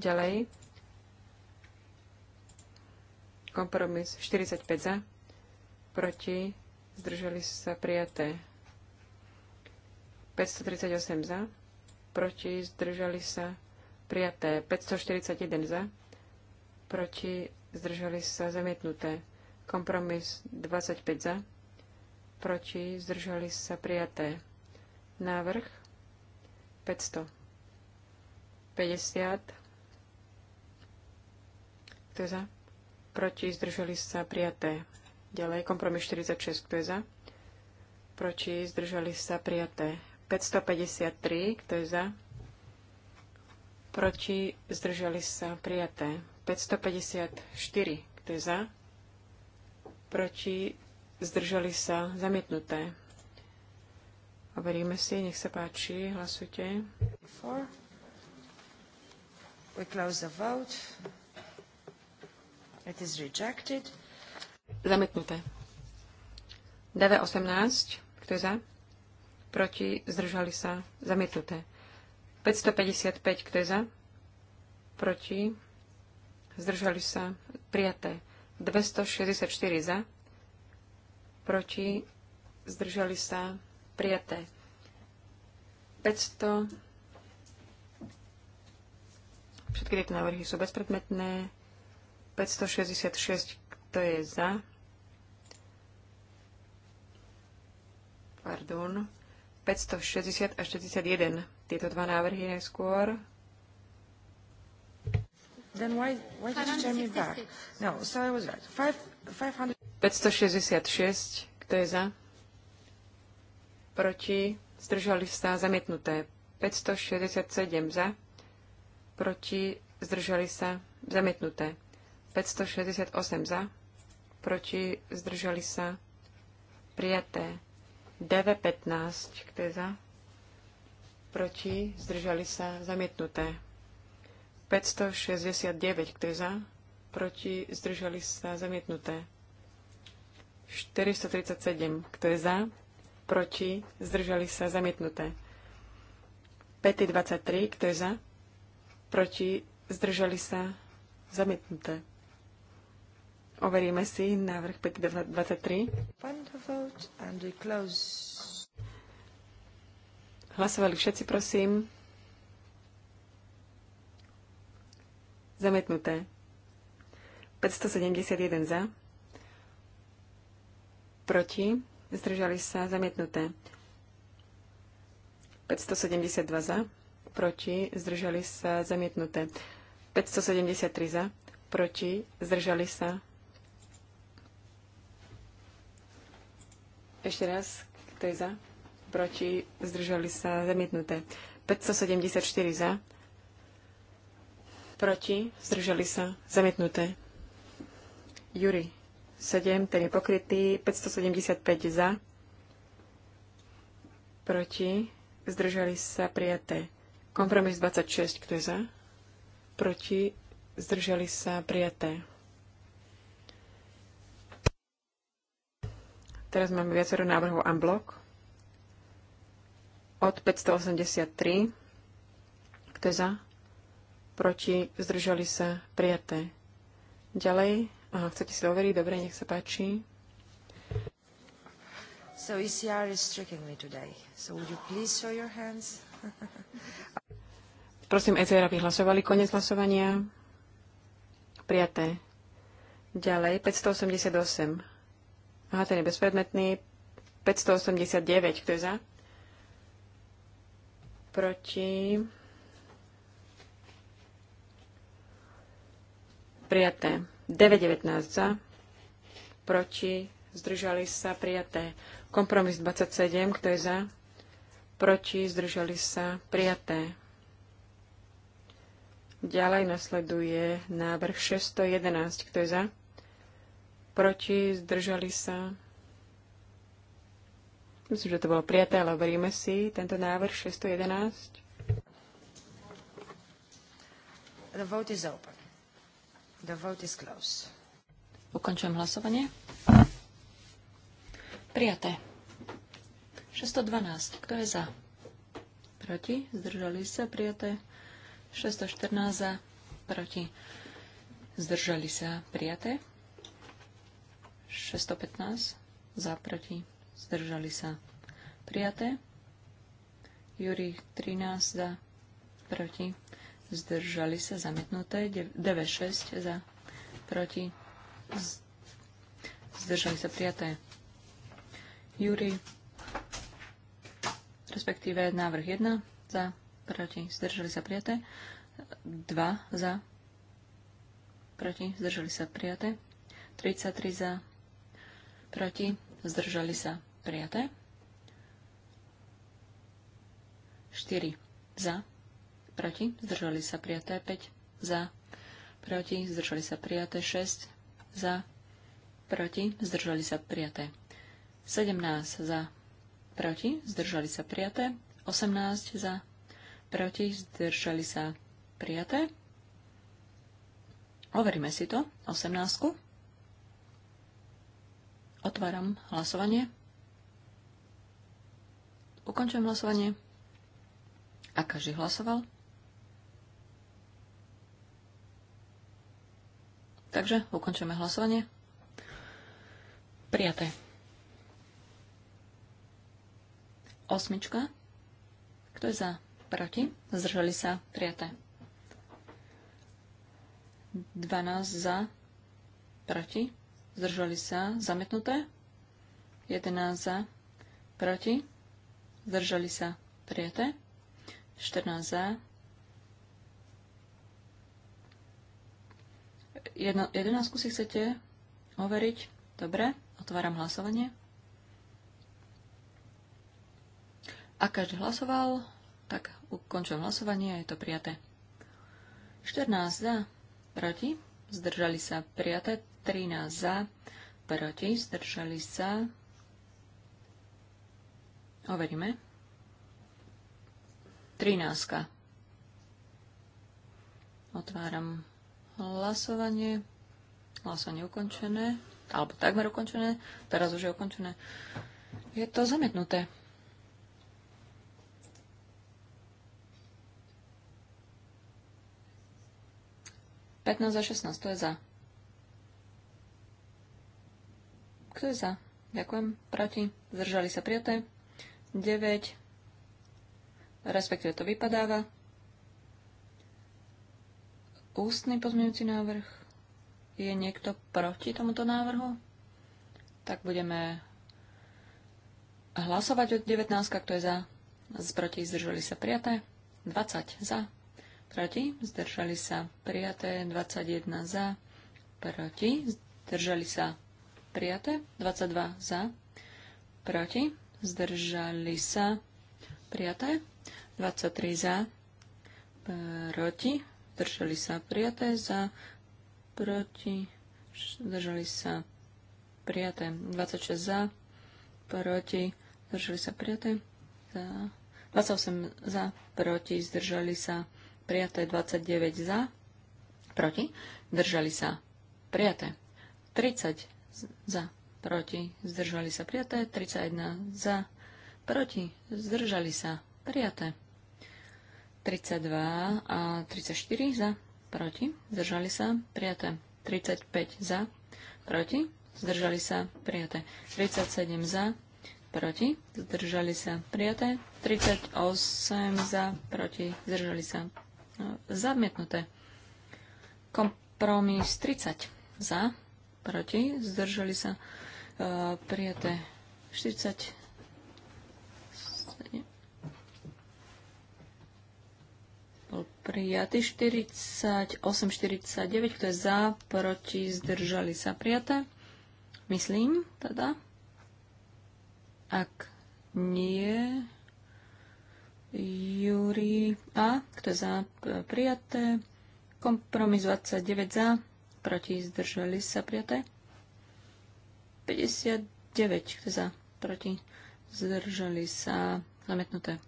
Ďalej. Kompromis 45 za. Proti. Zdržali sa prijaté. 538 za. Proti. Zdržali sa prijaté. 541 za. Proti. Zdržali sa zamietnuté. Kompromis 25 za. Proti. Zdržali sa prijaté. Návrh 500. 50 kto je za? Proti, zdržali sa, prijaté. Ďalej, kompromis 46, kto je za? Proti, zdržali sa, prijaté. 553, kto je za? Proti, zdržali sa, prijaté. 554, kto je za? Proti, zdržali sa, zamietnuté. Overíme si, nech sa páči, hlasujte. We close the vote. It is rejected. Zamietnuté. DV18. Kto je za? Proti. Zdržali sa. Zamietnuté. 555. Kto je za? Proti. Zdržali sa. Prijaté. 264 za. Proti. Zdržali sa. Prijaté. 500. Všetky tieto návrhy sú bezpredmetné. 566, kto je za? Pardon. 560 a 61. Tieto dva návrhy najskôr. Then why, why did you turn me back? No, so I was right. Five, 500... 566, kto je za? Proti, zdržali sa, zamietnuté. 567 za, proti, zdržali sa, zamietnuté. 568 za, proti zdržali sa prijaté. DV15, kto je za, proti zdržali sa zamietnuté. 569, kto je za, proti zdržali sa zamietnuté. 437, kto je za, proti zdržali sa zamietnuté. 523, kto je za, proti zdržali sa zamietnuté. Overíme si návrh 523. Hlasovali všetci, prosím. Zametnuté. 571 za. Proti. Zdržali sa. Zametnuté. 572 za. Proti. Zdržali sa. Zamietnuté. 573 za. Proti. Zdržali sa. Ešte raz, kto je za? Proti? Zdržali sa zamietnuté. 574 za. Proti? Zdržali sa zamietnuté. Juri 7, ten je pokrytý. 575 za. Proti? Zdržali sa prijaté. Kompromis 26, kto je za? Proti? Zdržali sa prijaté. Teraz máme viacero návrhov unblock. Od 583. Kto je za? Proti? Zdržali sa? Prijaté. Ďalej. Aha, chcete si overiť? Dobre, nech sa páči. So ECR is tricking me today. So would you please show your hands? Prosím, ECR, aby hlasovali. Konec hlasovania. Prijaté. Ďalej, 588. Aha, ten je bezpredmetný. 589, kto je za? Proti. Prijaté. 919 za. Proti. Zdržali sa. Prijaté. Kompromis 27, kto je za? Proti. Zdržali sa. Prijaté. Ďalej nasleduje návrh 611, kto je za? proti, zdržali sa. Myslím, že to bolo prijaté, ale veríme si tento návrh 611. The vote is open. The vote is close. Ukončujem hlasovanie. Prijaté. 612. Kto je za? Proti. Zdržali sa. Prijaté. 614 za. Proti. Zdržali sa. Prijaté. 615 za, proti, zdržali sa prijaté. Juri 13 za, proti, zdržali sa zamietnuté. 96 za, proti, zdržali sa prijaté. Juri, respektíve návrh 1 za, proti, zdržali sa prijaté. 2 za, proti, zdržali sa prijaté. 33 za, proti, zdržali sa prijaté. 4 za, proti, zdržali sa prijaté. 5 za, proti, zdržali sa prijaté. 6 za, proti, zdržali sa prijaté. 17 za, proti, zdržali sa prijaté. 18 za, proti, zdržali sa prijaté. Overíme si to, 18. Otváram hlasovanie. Ukončujem hlasovanie. A každý hlasoval. Takže ukončujeme hlasovanie. Prijaté. Osmička. Kto je za? Proti? Zdržali sa? Prijaté. 12 za. Proti? zdržali sa, zametnuté, 11 za, proti, zdržali sa, prijaté. 14 za, 11 si chcete overiť? Dobre, otváram hlasovanie. A každý hlasoval, tak ukončujem hlasovanie a je to prijaté. 14 za, proti, zdržali sa prijaté, 13 za, proti, zdržali sa. Overíme. 13. Otváram hlasovanie. Hlasovanie ukončené, alebo takmer ukončené, teraz už je ukončené. Je to zametnuté. Petnáct za 16, to je za. Kto je za? Ďakujem. Proti? Zdržali sa prijaté. 9. Respektíve to vypadáva. Ústny pozmeňujúci návrh. Je niekto proti tomuto návrhu? Tak budeme hlasovať od 19, kto je za. proti zdržali sa prijaté. 20 za. Proti zdržali sa prijaté. 21 za. Proti zdržali sa prijaté. 22 za, proti, zdržali sa, prijaté. 23 za, proti, zdržali sa, prijaté. Za, proti, zdržali sa, prijaté. 26 za, proti, zdržali sa, prijaté. Za, 28 za, proti, zdržali sa, prijaté. 29 za, proti, zdržali sa, prijaté. 30 za, proti, zdržali sa prijaté, 31 za, proti, zdržali sa prijaté, 32 a 34 za, proti, zdržali sa prijaté, 35 za, proti, zdržali sa prijaté, 37 za, proti, zdržali sa prijaté, 38 za, proti, zdržali sa no, zamietnuté. Kompromis 30 za, proti, zdržali sa uh, prijaté 40. Bol prijatý 48, 49, kto je za, proti, zdržali sa prijaté. Myslím teda. Ak nie, Júri A, kto je za, prijaté. Kompromis 29 za, proti, zdržali sa prijaté. 59, kto za, proti, zdržali sa zamietnuté.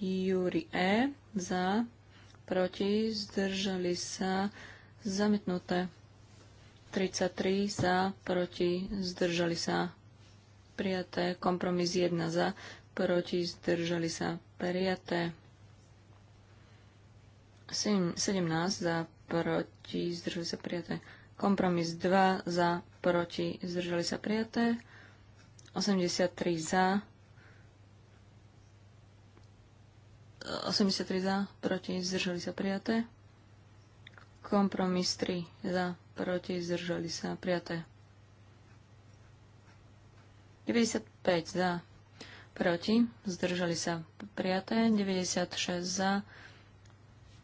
Júri E za, proti, zdržali sa zamietnuté. 33 za, proti, zdržali sa prijaté. Kompromis 1 za, proti, zdržali sa prijaté. 17 za, proti, zdržali sa prijaté. Kompromis 2 za, proti, zdržali sa prijaté. 83 za, 83 za, proti, zdržali sa prijaté. Kompromis 3 za, proti, zdržali sa prijaté. 95 za, proti, zdržali sa prijaté. 96 za,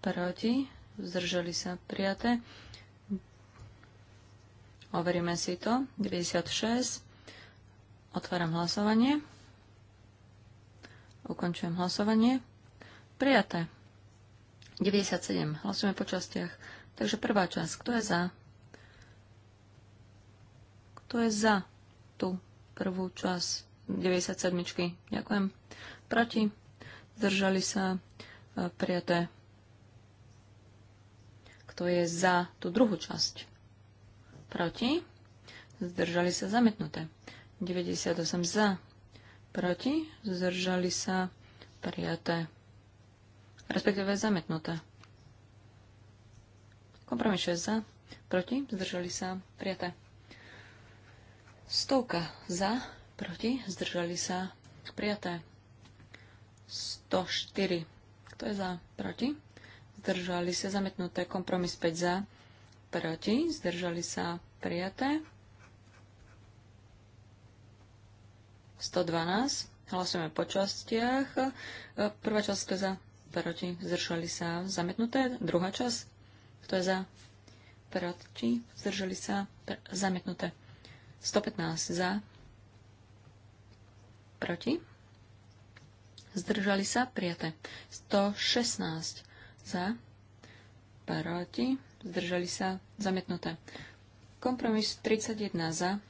proti, zdržali sa prijaté. Overíme si to. 96. Otváram hlasovanie. Ukončujem hlasovanie. Prijaté. 97. Hlasujeme po častiach. Takže prvá časť. Kto je za? Kto je za tú prvú časť 97. Ďakujem. Proti? Zdržali sa e, prijaté kto je za tú druhú časť? Proti? Zdržali sa zamietnuté. 98 za. Proti? Zdržali sa prijaté. Respektíve zamietnuté. Kompromis 6 za. Proti? Zdržali sa prijaté. Stovka za. Proti? Zdržali sa prijaté. 104. Kto je za? Proti? zdržali sa zametnuté, kompromis 5 za, proti, zdržali sa prijaté. 112, hlasujeme po častiach. Prvá časť, to je za, proti, zdržali sa zametnuté, druhá časť, kto je za, proti, zdržali sa pr- zametnuté. 115 za, proti, zdržali sa prijaté. 116 za, proti, zdržali sa, zamietnuté. Kompromis 31 za,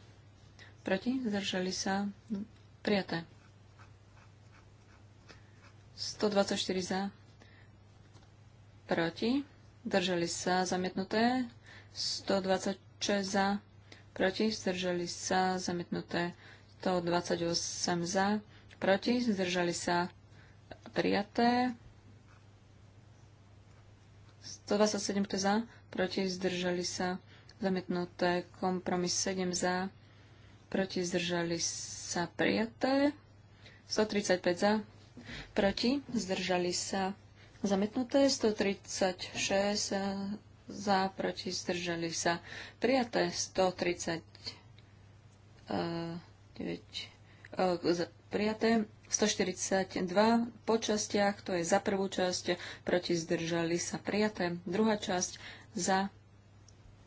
proti, zdržali sa, prijaté. 124 za, proti, zdržali sa, zamietnuté. 126 za, proti, zdržali sa, zamietnuté. 128 za, proti, zdržali sa, prijaté. 127 to za, proti zdržali sa zamietnuté. Kompromis 7 za, proti zdržali sa prijaté. 135 za, proti zdržali sa zamietnuté. 136 za, proti zdržali sa prijaté. 139 e, e, prijaté. 142 po častiach, to je za prvú časť, proti zdržali sa prijaté. Druhá časť za,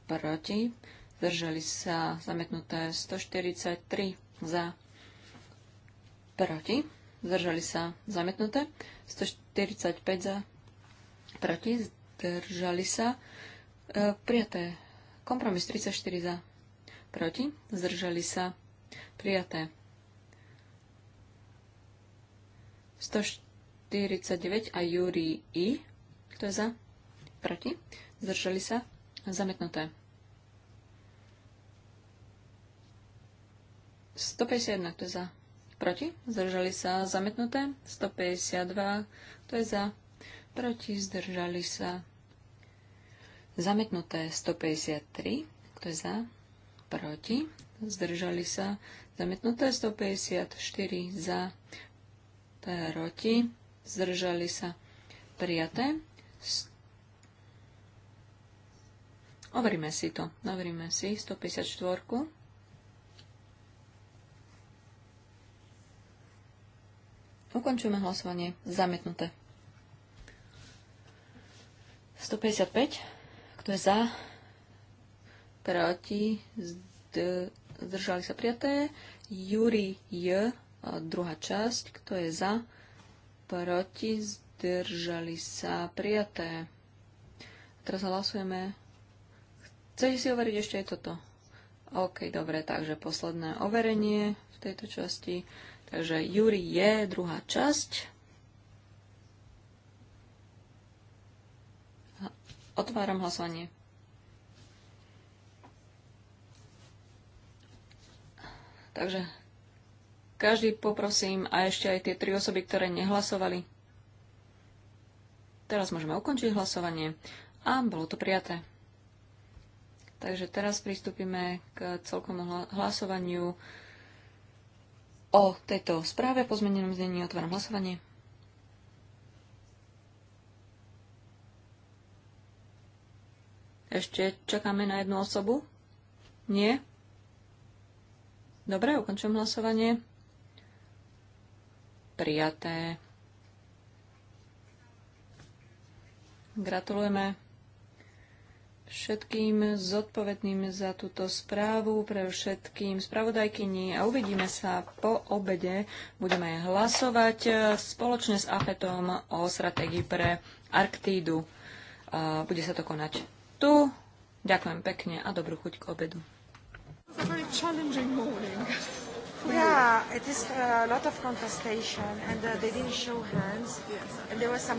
proti, zdržali sa zametnuté 143 za, proti, zdržali sa zametnuté 145 za, proti, zdržali sa e, prijaté. Kompromis 34 za, proti, zdržali sa prijaté. 149 a Júri I. Kto je za? Proti? Zdržali sa? zametnuté. 151, kto je za? Proti? Zdržali sa? zametnuté. 152, kto je za? Proti? Zdržali sa? Zametnuté 153, kto je za? Proti? Zdržali sa? zametnuté 154, za? proti, zdržali sa prijaté. Overíme si to. Overíme si 154. Ukončujeme hlasovanie. Zamietnuté. 155. Kto je za? Proti? Zdržali sa prijaté. Júri J. Druhá časť, kto je za, proti, zdržali sa, prijaté. Teraz hlasujeme. Chcete si overiť ešte aj toto? OK, dobre, takže posledné overenie v tejto časti. Takže Júri je druhá časť. Otváram hlasovanie. Takže každý poprosím a ešte aj tie tri osoby, ktoré nehlasovali. Teraz môžeme ukončiť hlasovanie a bolo to prijaté. Takže teraz pristúpime k celkom hlasovaniu o tejto správe po zmenenom znení. Otváram hlasovanie. Ešte čakáme na jednu osobu? Nie? Dobre, ukončujem hlasovanie prijaté. Gratulujeme všetkým zodpovedným za túto správu, pre všetkým spravodajkyni a uvidíme sa po obede. Budeme hlasovať spoločne s AFETom o stratégii pre Arktídu. Bude sa to konať tu. Ďakujem pekne a dobrú chuť k obedu. was a very challenging morning. Yeah, it is a lot of contestation, and uh, they didn't show hands, yes. and there was some